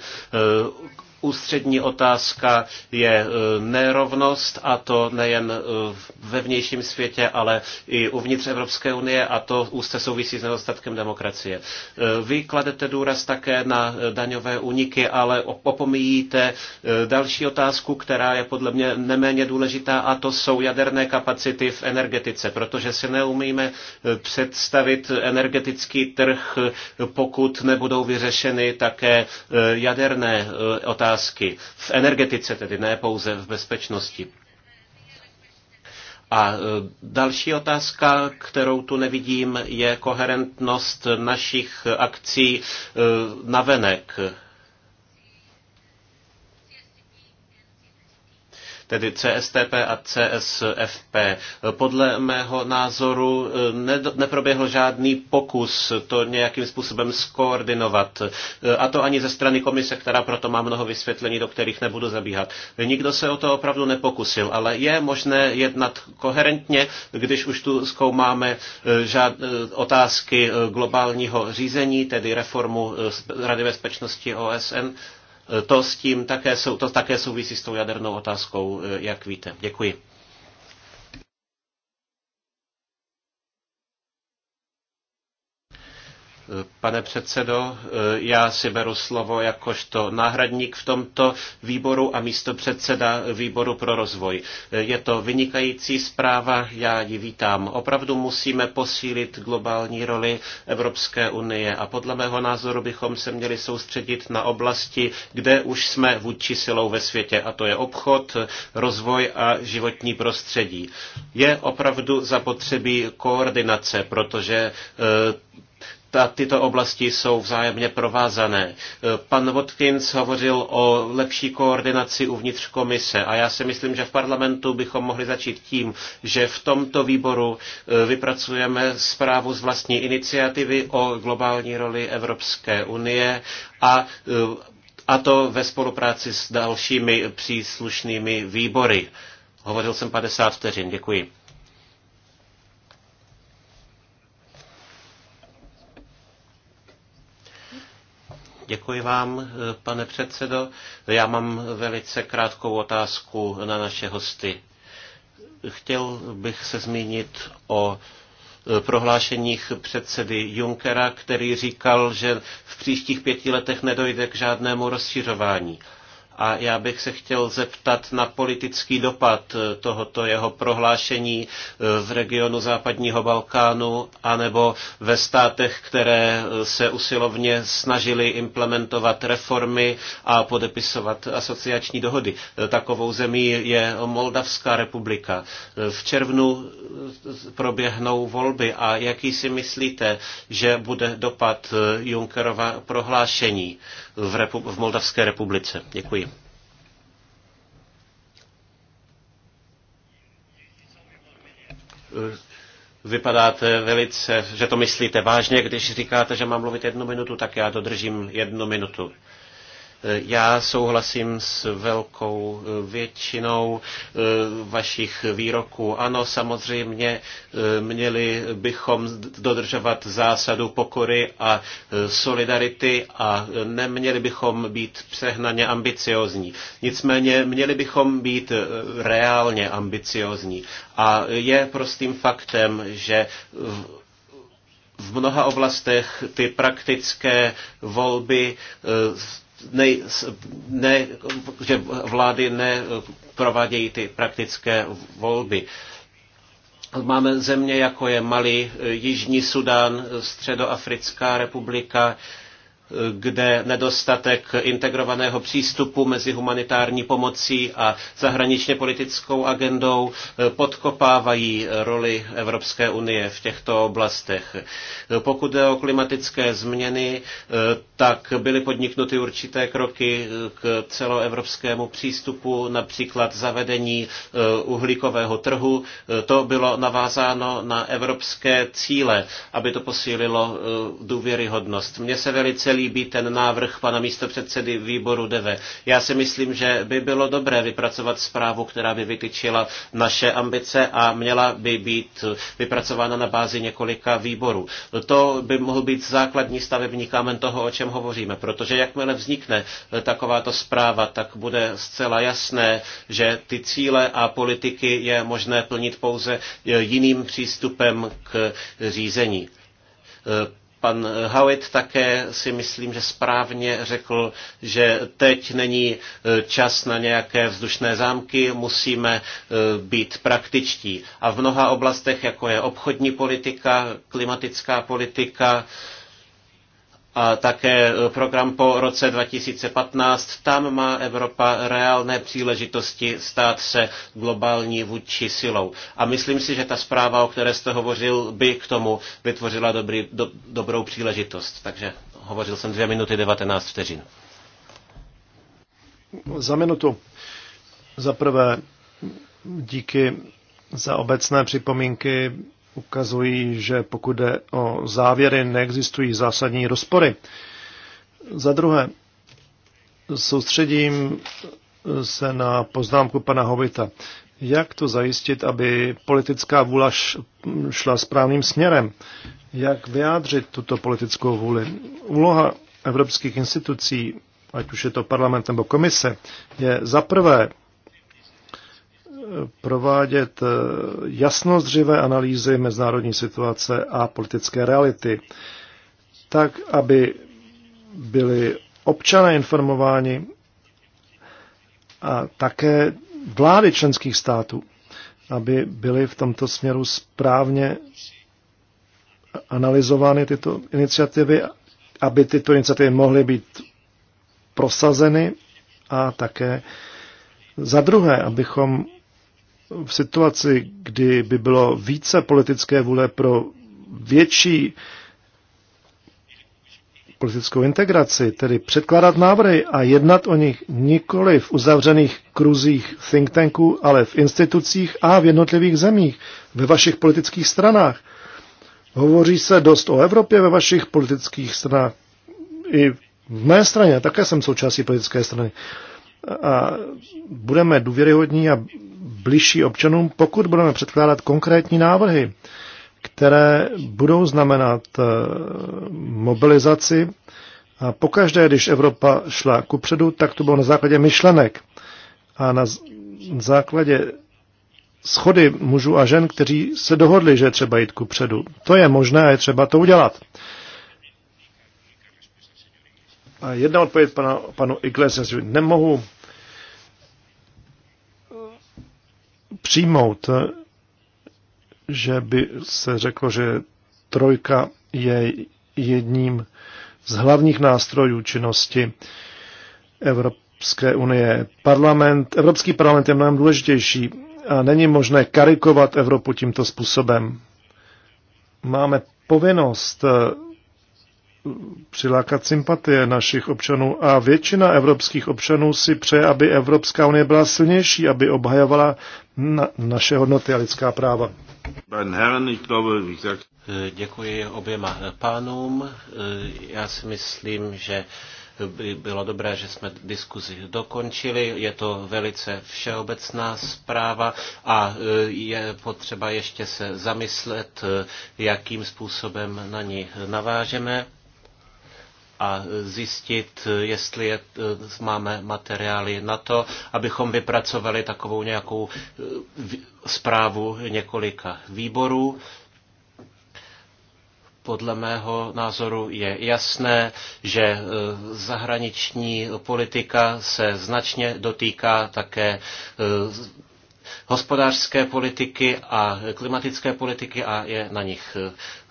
Ústřední otázka je eh, nerovnost, a to nejen eh, ve vnějším světě, ale i uvnitř Evropské unie, a to úzce souvisí s nedostatkem demokracie. Eh, vy kladete důraz také na daňové úniky, ale opomíjíte další otázku, která je podle mě neméně důležitá, a to jsou jaderné kapacity v energetice, protože si neumíme eh, představit energetický trh, eh, pokud nebudou vyřešeny také eh, jaderné otázky. V energetice tedy, ne pouze v bezpečnosti. A další otázka, kterou tu nevidím, je koherentnost našich akcí navenek. tedy CSTP a CSFP. Podle mého názoru eh, neproběhl žádný pokus to nějakým způsobem skoordinovat. Eh, a to ani ze strany komise, která proto má mnoho vysvětlení, do kterých nebudu zabíhat. Nikdo se o to opravdu nepokusil, ale je možné jednat koherentně, když už tu zkoumáme eh, žád, otázky globálního řízení, tedy reformu Rady bezpečnosti OSN to, s tím také, to také souvisí s tou jadernou otázkou, eh, jak víte. Děkuji. Pane předsedo, eh, já si beru slovo jakožto náhradník v tomto výboru a místo předseda výboru pro rozvoj. Eh, je to vynikající zpráva, já ji vítám. Opravdu musíme posílit globální roli Evropské unie a podle mého názoru bychom se měli soustředit na oblasti, kde už jsme vůči silou ve světě, a to je obchod, rozvoj a životní prostředí. Je opravdu zapotřebí koordinace, protože eh, ta, tyto oblasti jsou vzájemně provázané. Pan Watkins hovořil o lepší koordinaci uvnitř komise a já si myslím, že v parlamentu bychom mohli začít tím, že v tomto výboru e, vypracujeme zprávu z vlastní iniciativy o globální roli Evropské unie a e, a to ve spolupráci s dalšími příslušnými výbory. Hovořil jsem 50 vteřin, děkuji. Děkuji vám, pane předsedo. Já mám velice krátkou otázku na naše hosty. Chtěl bych se zmínit o prohlášeních předsedy Junckera, který říkal, že v příštích pěti letech nedojde k žádnému rozšiřování. A já bych se chtěl zeptat na politický dopad eh, tohoto jeho prohlášení eh, v regionu západního Balkánu anebo ve státech, které eh, se usilovně snažili implementovat reformy a podepisovat asociační dohody. Takovou zemí je Moldavská republika. V červnu proběhnou volby a jaký si myslíte, že bude dopad Junckerova prohlášení v, Repu- v Moldavské republice? Děkuji. Vypadáte velice, že to myslíte vážně, když říkáte, že mám mluvit jednu minutu, tak já dodržím jednu minutu. Já souhlasím s velkou e, většinou e, vašich výroků. Ano, samozřejmě e, měli bychom dodržovat zásadu pokory a solidarity a neměli bychom být přehnaně ambiciozní. Nicméně měli bychom být reálně ambiciozní. A je prostým faktem, že v mnoha oblastech ty praktické volby ne, ne, že vlády neprovádějí ty praktické volby. Máme země, jako je Mali, Jižní Sudan, Středoafrická republika, kde nedostatek integrovaného přístupu mezi humanitární pomocí a zahraničně politickou agendou eh, podkopávají eh, roli Evropské unie v těchto oblastech. Pokud jde o klimatické změny, eh, tak byly podniknuty určité kroky k celoevropskému přístupu, například zavedení uhlíkového trhu. To bylo navázáno na evropské cíle, aby to posílilo důvěryhodnost. Mně se velice líbí ten návrh pana místopředsedy výboru DEVE. Já si myslím, že by bylo dobré vypracovat zprávu, která by vytyčila naše ambice a měla by být vypracována na bázi několika výborů. To by mohl být základní stavební kámen toho, o čem hovoříme, protože jakmile vznikne takováto zpráva, tak bude zcela jasné, že ty cíle a politiky je možné plnit pouze jiným přístupem k řízení Pan Howitt také si myslím, že správně řekl, že teď není e, čas na nějaké vzdušné zámky, musíme e, být praktičtí. A v mnoha oblastech, jako je obchodní politika, klimatická politika, a také program po roce 2015. Tam má Evropa reálné příležitosti stát se globální vůdčí silou. A myslím si, že ta zpráva, o které jste hovořil, by k tomu vytvořila dobrý, do, dobrou příležitost. Takže hovořil jsem dvě minuty 19 vteřin. Za minutu. Za prvé díky za obecné připomínky ukazují, že pokud jde o závěry, neexistují zásadní rozpory. Za druhé, soustředím se na poznámku pana Hovita. Jak to zajistit, aby politická vůla šla správným směrem? Jak vyjádřit tuto politickou vůli? Úloha evropských institucí, ať už je to parlament nebo komise, je za prvé provádět eh, jasnozřivé analýzy mezinárodní situace a politické reality, tak, aby byli občané informováni a také vlády členských států, aby byly v tomto směru správně analyzovány tyto iniciativy, aby tyto iniciativy mohly být prosazeny a také za druhé, abychom v situaci, kdy by bylo více politické vůle pro větší politickou integraci, tedy předkládat návrhy a jednat o nich nikoli v uzavřených kruzích think tanků, ale v institucích a v jednotlivých zemích, ve vašich politických stranách. Hovoří se dost o Evropě ve vašich politických stranách. I v mé straně, také jsem součástí politické strany. A budeme důvěryhodní a blížší občanům, pokud budeme předkládat konkrétní návrhy, které budou znamenat eh, mobilizaci. A pokaždé, když Evropa šla kupředu, tak to bylo na základě myšlenek a na základě schody mužů a žen, kteří se dohodli, že je třeba jít kupředu. To je možné a je třeba to udělat. A jedna odpověď pana, panu Iglesias, nemohu přijmout, že by se řeklo, že trojka je jedním z hlavních nástrojů činnosti Evropské unie. Parlament, Evropský parlament je mnohem důležitější a není možné karikovat Evropu tímto způsobem. Máme povinnost přilákat sympatie našich občanů a většina evropských občanů si přeje, aby Evropská unie byla silnější, aby obhajovala na, naše hodnoty a lidská práva. Eh, děkuji oběma eh, pánům. Eh, já si myslím, že by bylo dobré, že jsme diskuzi dokončili. Je to velice všeobecná zpráva a je potřeba ještě se zamyslet, jakým způsobem na ní navážeme a zjistit, jestli je, e, máme materiály na to, abychom vypracovali takovou nějakou e, zprávu několika výborů. Podle mého názoru je jasné, že e, zahraniční politika se značně dotýká také hospodářské politiky a klimatické politiky a je na nich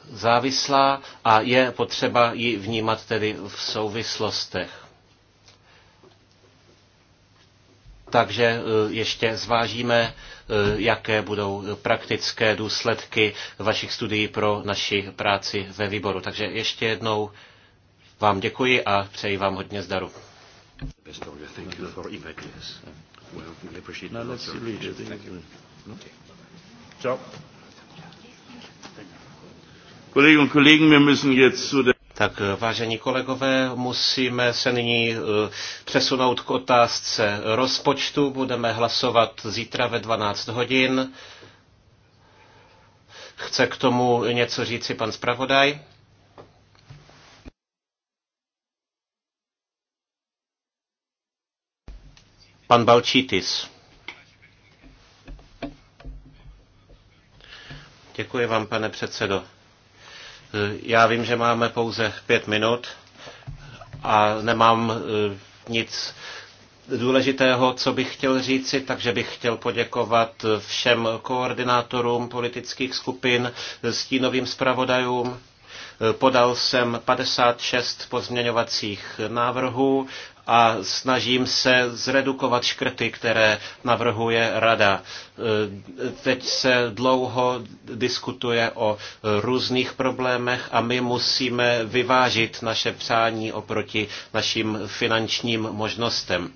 závislá a je potřeba ji vnímat tedy v souvislostech. Takže e, ještě zvážíme, e, jaké budou praktické důsledky vašich studií pro naši práci ve výboru. Takže ještě jednou vám děkuji a přeji vám hodně zdaru. No, no? Ciao tak vážení kolegové, musíme se nyní eh, přesunout k otázce rozpočtu. Budeme hlasovat zítra ve 12 hodin. Chce k tomu něco říci pan zpravodaj? Pan Balčítis. Děkuji vám, pane předsedo. Já vím, že máme pouze pět minut a nemám e, nic důležitého, co bych chtěl říci, takže bych chtěl poděkovat všem koordinátorům politických skupin, stínovým zpravodajům. E, podal jsem 56 pozměňovacích návrhů a snažím se zredukovat škrty, které navrhuje rada. E, teď se dlouho diskutuje o různých problémech a my musíme vyvážit naše přání oproti našim finančním možnostem.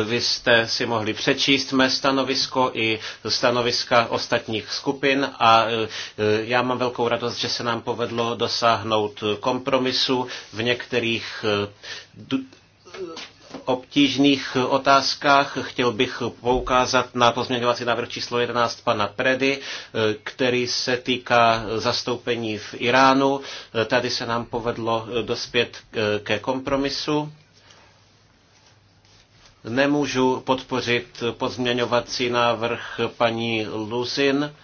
E, vy jste si mohli přečíst mé stanovisko i stanoviska ostatních skupin a e, já mám velkou radost, že se nám povedlo dosáhnout kompromisu v některých obtížných otázkách chtěl bych poukázat na pozměňovací návrh číslo 11 pana Predy, který se týká zastoupení v Iránu. Tady se nám povedlo dospět ke kompromisu. Nemůžu podpořit pozměňovací návrh paní Luzin,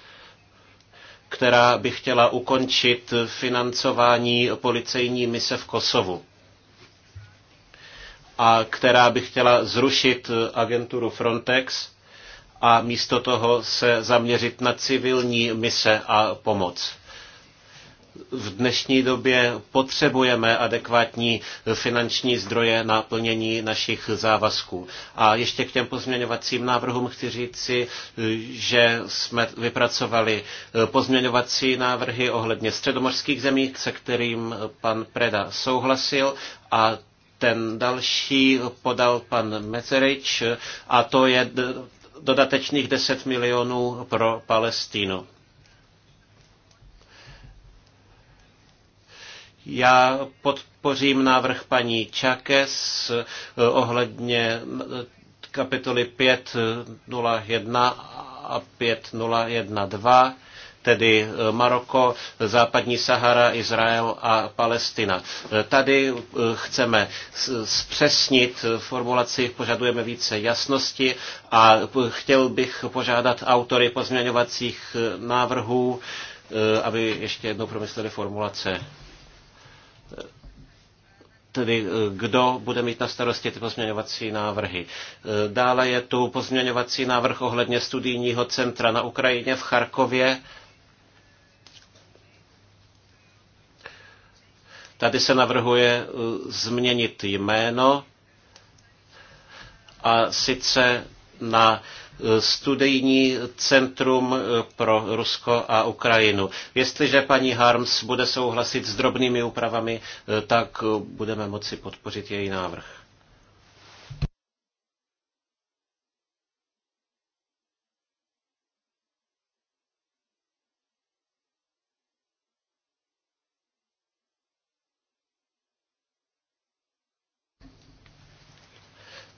která by chtěla ukončit financování policejní mise v Kosovu a která by chtěla zrušit agenturu Frontex a místo toho se zaměřit na civilní mise a pomoc. V dnešní době potřebujeme adekvátní finanční zdroje na plnění našich závazků. A ještě k těm pozměňovacím návrhům chci říci, že jsme vypracovali pozměňovací návrhy ohledně středomorských zemí, se kterým pan Preda souhlasil a ten další podal pan Mecerič a to je dodatečných 10 milionů pro Palestínu. Já podpořím návrh paní Čakes eh, ohledně kapitoly 501 a 5012 tedy eh, Maroko, Západní Sahara, Izrael a Palestina. Eh, tady eh, chceme zpřesnit formulaci, požadujeme více jasnosti a chtěl bych požádat autory pozměňovacích návrhů, aby ještě jednou promysleli formulace tedy kdo bude mít na starosti ty pozměňovací návrhy. Dále je tu pozměňovací návrh ohledně studijního centra na Ukrajině v Charkově. Tady se navrhuje eh, změnit jméno a sice na eh, studijní centrum eh, pro Rusko a Ukrajinu. Jestliže paní Harms bude souhlasit s drobnými úpravami, tak budeme moci podpořit její návrh.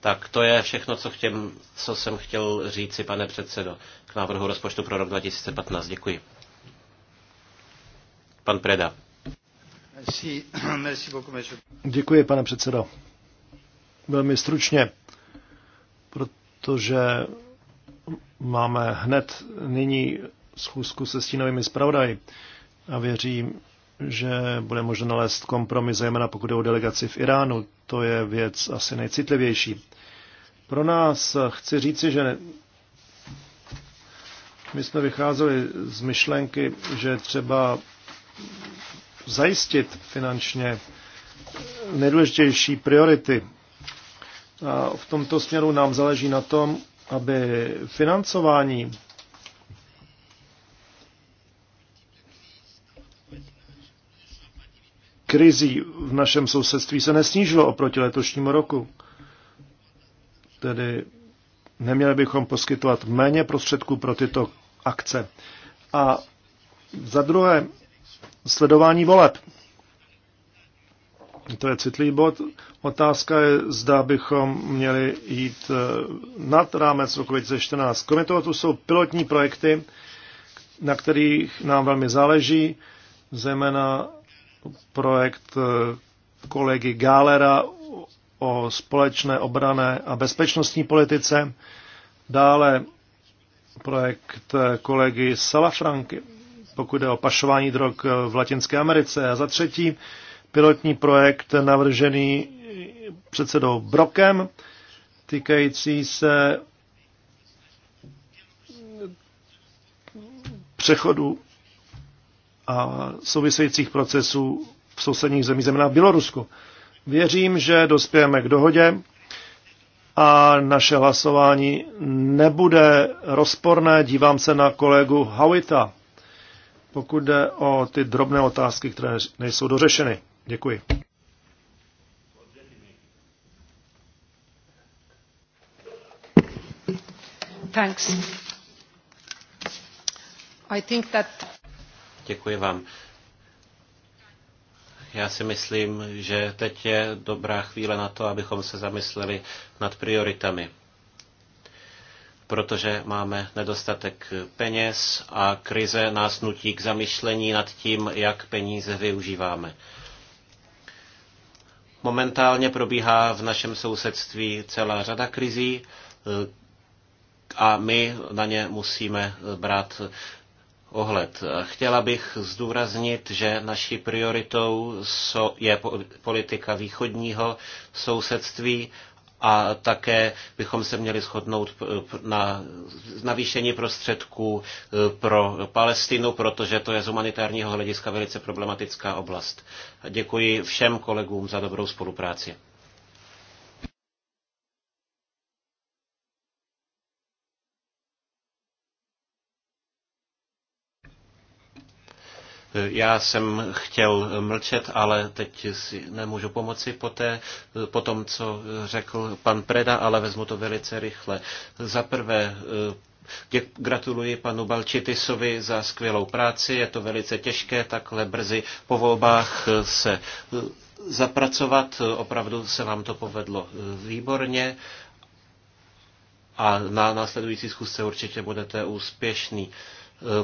Tak to je všechno, co, chtěl, co jsem chtěl říci, pane předsedo, k návrhu rozpočtu pro rok 2015. Děkuji. Pan Preda. Děkuji, pane předsedo. Velmi stručně, protože máme hned nyní schůzku se stínovými zpravodaji a věřím, že bude možné nalézt kompromis, zejména pokud je o delegaci v Iránu. To je věc asi nejcitlivější. Pro nás chci říci, že my jsme vycházeli z myšlenky, že třeba zajistit finančně nejdůležitější priority. A v tomto směru nám záleží na tom, aby financování krizí v našem sousedství se nesnížilo oproti letošnímu roku. Tedy neměli bychom poskytovat méně prostředků pro tyto akce. A za druhé, sledování voleb. To je citlivý bod. Otázka je, zda bychom měli jít eh, nad rámec roku 2014. Kromě toho tu jsou pilotní projekty, na kterých nám velmi záleží, zejména projekt eh, kolegy Gálera o společné obrané a bezpečnostní politice, dále projekt kolegy Salafranky, pokud je o pašování drog v Latinské Americe a za třetí pilotní projekt navržený předsedou Brokem, týkající se přechodu a souvisejících procesů v sousedních zemích zejména v Bělorusku. Věřím, že dospějeme k dohodě a naše hlasování nebude rozporné. Dívám se na kolegu Hawita, pokud jde o ty drobné otázky, které nejsou dořešeny. Děkuji. Thanks. I think that... Děkuji vám. Já si myslím, že teď je dobrá chvíle na to, abychom se zamysleli nad prioritami. Protože máme nedostatek peněz a krize nás nutí k zamyšlení nad tím, jak peníze využíváme. Momentálně probíhá v našem sousedství celá řada krizí a my na ně musíme brát ohled. Chtěla bych zdůraznit, že naší prioritou je politika východního sousedství a také bychom se měli shodnout na navýšení prostředků e, pro Palestinu, protože to je z humanitárního hlediska velice problematická oblast. Děkuji všem kolegům za dobrou spolupráci. Já jsem chtěl mlčet, ale teď si nemůžu pomoci po, té, po tom, co řekl pan Preda, ale vezmu to velice rychle. Za prvé, eh, Gratuluji panu Balčitisovi za skvělou práci, je to velice těžké, takhle brzy po volbách eh, se eh, zapracovat, opravdu se vám to povedlo výborně a na následující zkusce určitě budete úspěšný.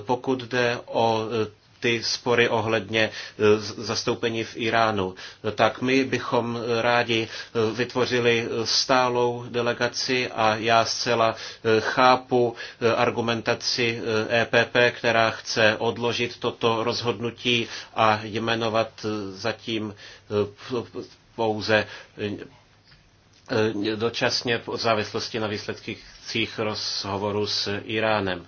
Pokud jde o ty spory ohledně e, zastoupení v Iránu, tak my bychom rádi e, vytvořili e, stálou delegaci a já zcela chápu argumentaci EPP, která chce odložit toto rozhodnutí a jmenovat zatím pouze dočasně v závislosti na výsledcích rozhovorů s Iránem.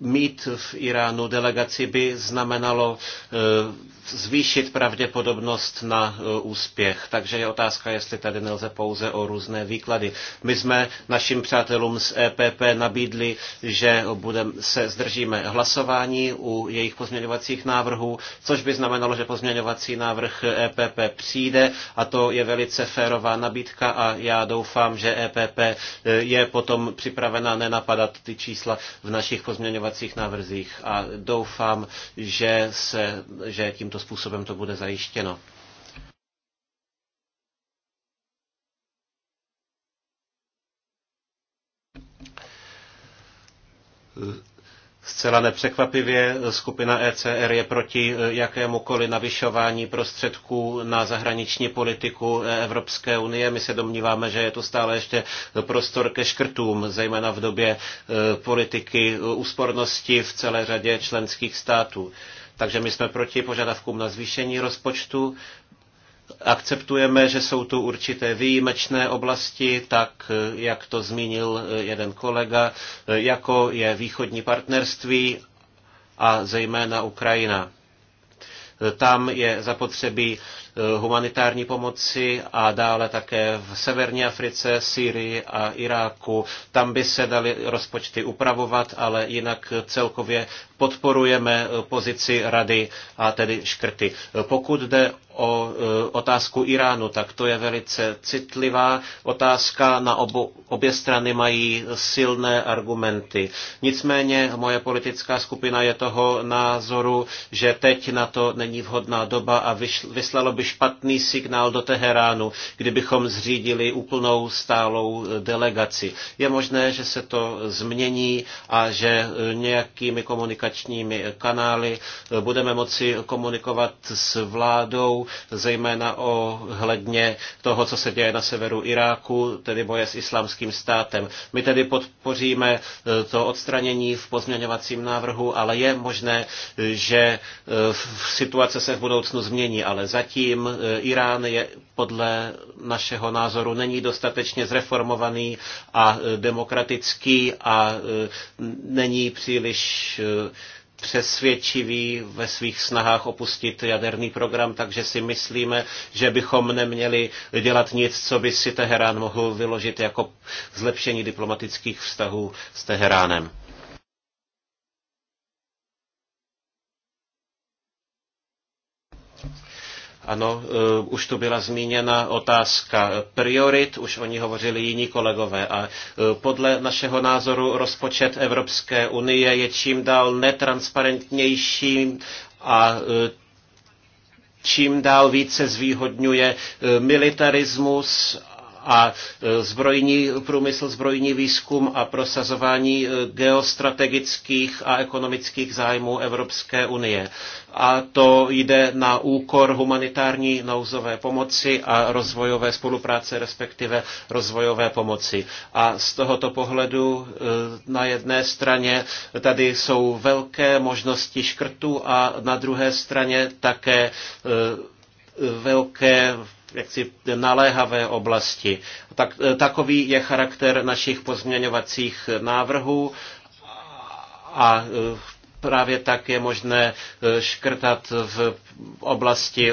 mít v Iránu delegaci by znamenalo e, zvýšit pravděpodobnost na e, úspěch. Takže je otázka, jestli tady nelze pouze o různé výklady. My jsme našim přátelům z EPP nabídli, že budem, se zdržíme hlasování u jejich pozměňovacích návrhů, což by znamenalo, že pozměňovací návrh EPP přijde a to je velice férová nabídka a já doufám, že EPP e, je potom připravena nenapadat ty čísla v našich pozměňovacích pozměňovacích návrzích a doufám, že, se, že tímto způsobem to bude zajištěno. Uh. Zcela nepřekvapivě skupina ECR je proti eh, jakémukoliv navyšování prostředků na zahraniční politiku e- Evropské unie. My se domníváme, že je tu stále ještě prostor ke škrtům, zejména v době eh, politiky úspornosti v celé řadě členských států. Takže my jsme proti požadavkům na zvýšení rozpočtu, akceptujeme, že jsou tu určité výjimečné oblasti, tak jak to zmínil jeden kolega, jako je východní partnerství a zejména Ukrajina. Tam je zapotřebí Eh, humanitární pomoci a dále také v severní Africe, Syrii a Iráku. Tam by se daly rozpočty upravovat, ale jinak celkově podporujeme eh, pozici rady a tedy škrty. Eh, pokud jde o otázku Iránu, tak to je velice citlivá otázka. Na obo, obě strany mají silné argumenty. Nicméně moje politická skupina je toho názoru, že teď na to není vhodná doba a vyslalo by by špatný signál do Teheránu, kdybychom zřídili úplnou stálou eh, delegaci. Je možné, že se to změní a že eh, nějakými komunikačními kanály eh, budeme moci komunikovat s vládou, zejména ohledně toho, co se děje na severu Iráku, tedy boje s islámským státem. My tedy podpoříme to odstranění v pozměňovacím návrhu, ale je možné, že situace se v budoucnu změní, ale zatím zatím eh, Irán je podle našeho názoru není dostatečně zreformovaný a eh, demokratický a eh, není příliš přesvědčivý ve svých snahách opustit jaderný program, takže si myslíme, že bychom neměli dělat nic, co by si Teherán mohl vyložit jako zlepšení diplomatických vztahů s Teheránem. Ano, eh, už tu byla zmíněna otázka priorit, už o ní hovořili jiní kolegové. A eh, podle našeho názoru rozpočet Evropské unie je čím dál netransparentnějším a eh, čím dál více zvýhodňuje militarismus a e, zbrojní průmysl, zbrojní výzkum a prosazování e, geostrategických a ekonomických zájmů Evropské unie. A to jde na úkor humanitární nouzové pomoci a rozvojové spolupráce, respektive rozvojové pomoci. A z tohoto pohledu e, na jedné straně tady jsou velké možnosti škrtů a na druhé straně také velké jaksi naléhavé oblasti. Tak, eh, takový je charakter našich pozměňovacích návrhů a eh, právě tak je možné eh, škrtat v oblasti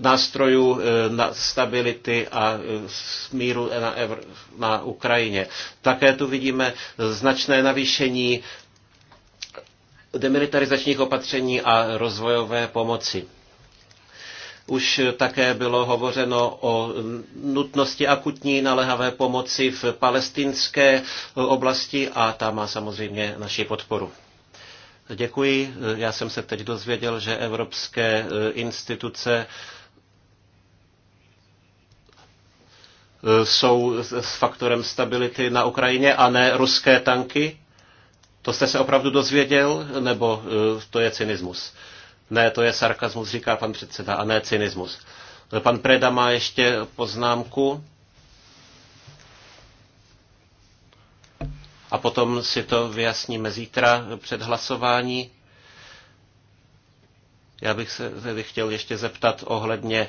nástrojů na stability a smíru na, Evr- na Ukrajině. Také tu vidíme značné navýšení demilitarizačních opatření a rozvojové pomoci. Už také bylo hovořeno o nutnosti akutní naléhavé pomoci v palestinské oblasti a ta má samozřejmě naši podporu. Děkuji. Já jsem se teď dozvěděl, že evropské eh, instituce eh, jsou s faktorem stability na Ukrajině a ne ruské tanky. To jste se opravdu dozvěděl, nebo eh, to je cynismus? Ne, to je sarkazmus, říká pan předseda, a ne cynismus. Pan Preda má ještě poznámku. A potom si to vyjasníme zítra před hlasování. Já bych se tedy chtěl ještě zeptat ohledně e,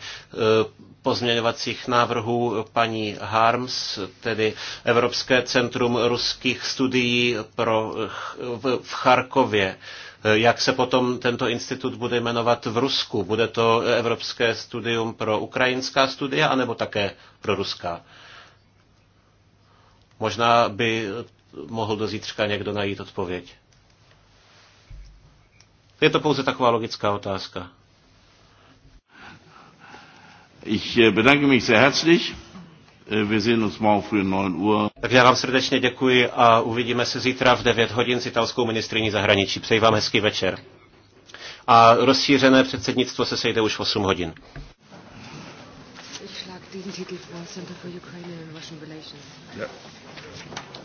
pozměňovacích návrhů paní Harms, tedy Evropské centrum ruských studií pro, v Charkově. Eh, jak se potom tento institut bude jmenovat v Rusku? Bude to eh, Evropské studium pro ukrajinská studia, anebo také pro ruská? Možná by eh, mohl do zítřka někdo najít odpověď. Je to pouze taková logická otázka. Ich bedanke mich sehr herzlich. Äh, wir sehen uns morgen früh 9 um Uhr. Tak já vám srdečně děkuji a uvidíme se zítra v 9 hodin s italskou ministriní zahraničí. Přeji vám hezký večer. A rozšířené předsednictvo se sejde už v 8 hodin. diesen Titel vor, Center for Ukraine and Russian Relations. Ja.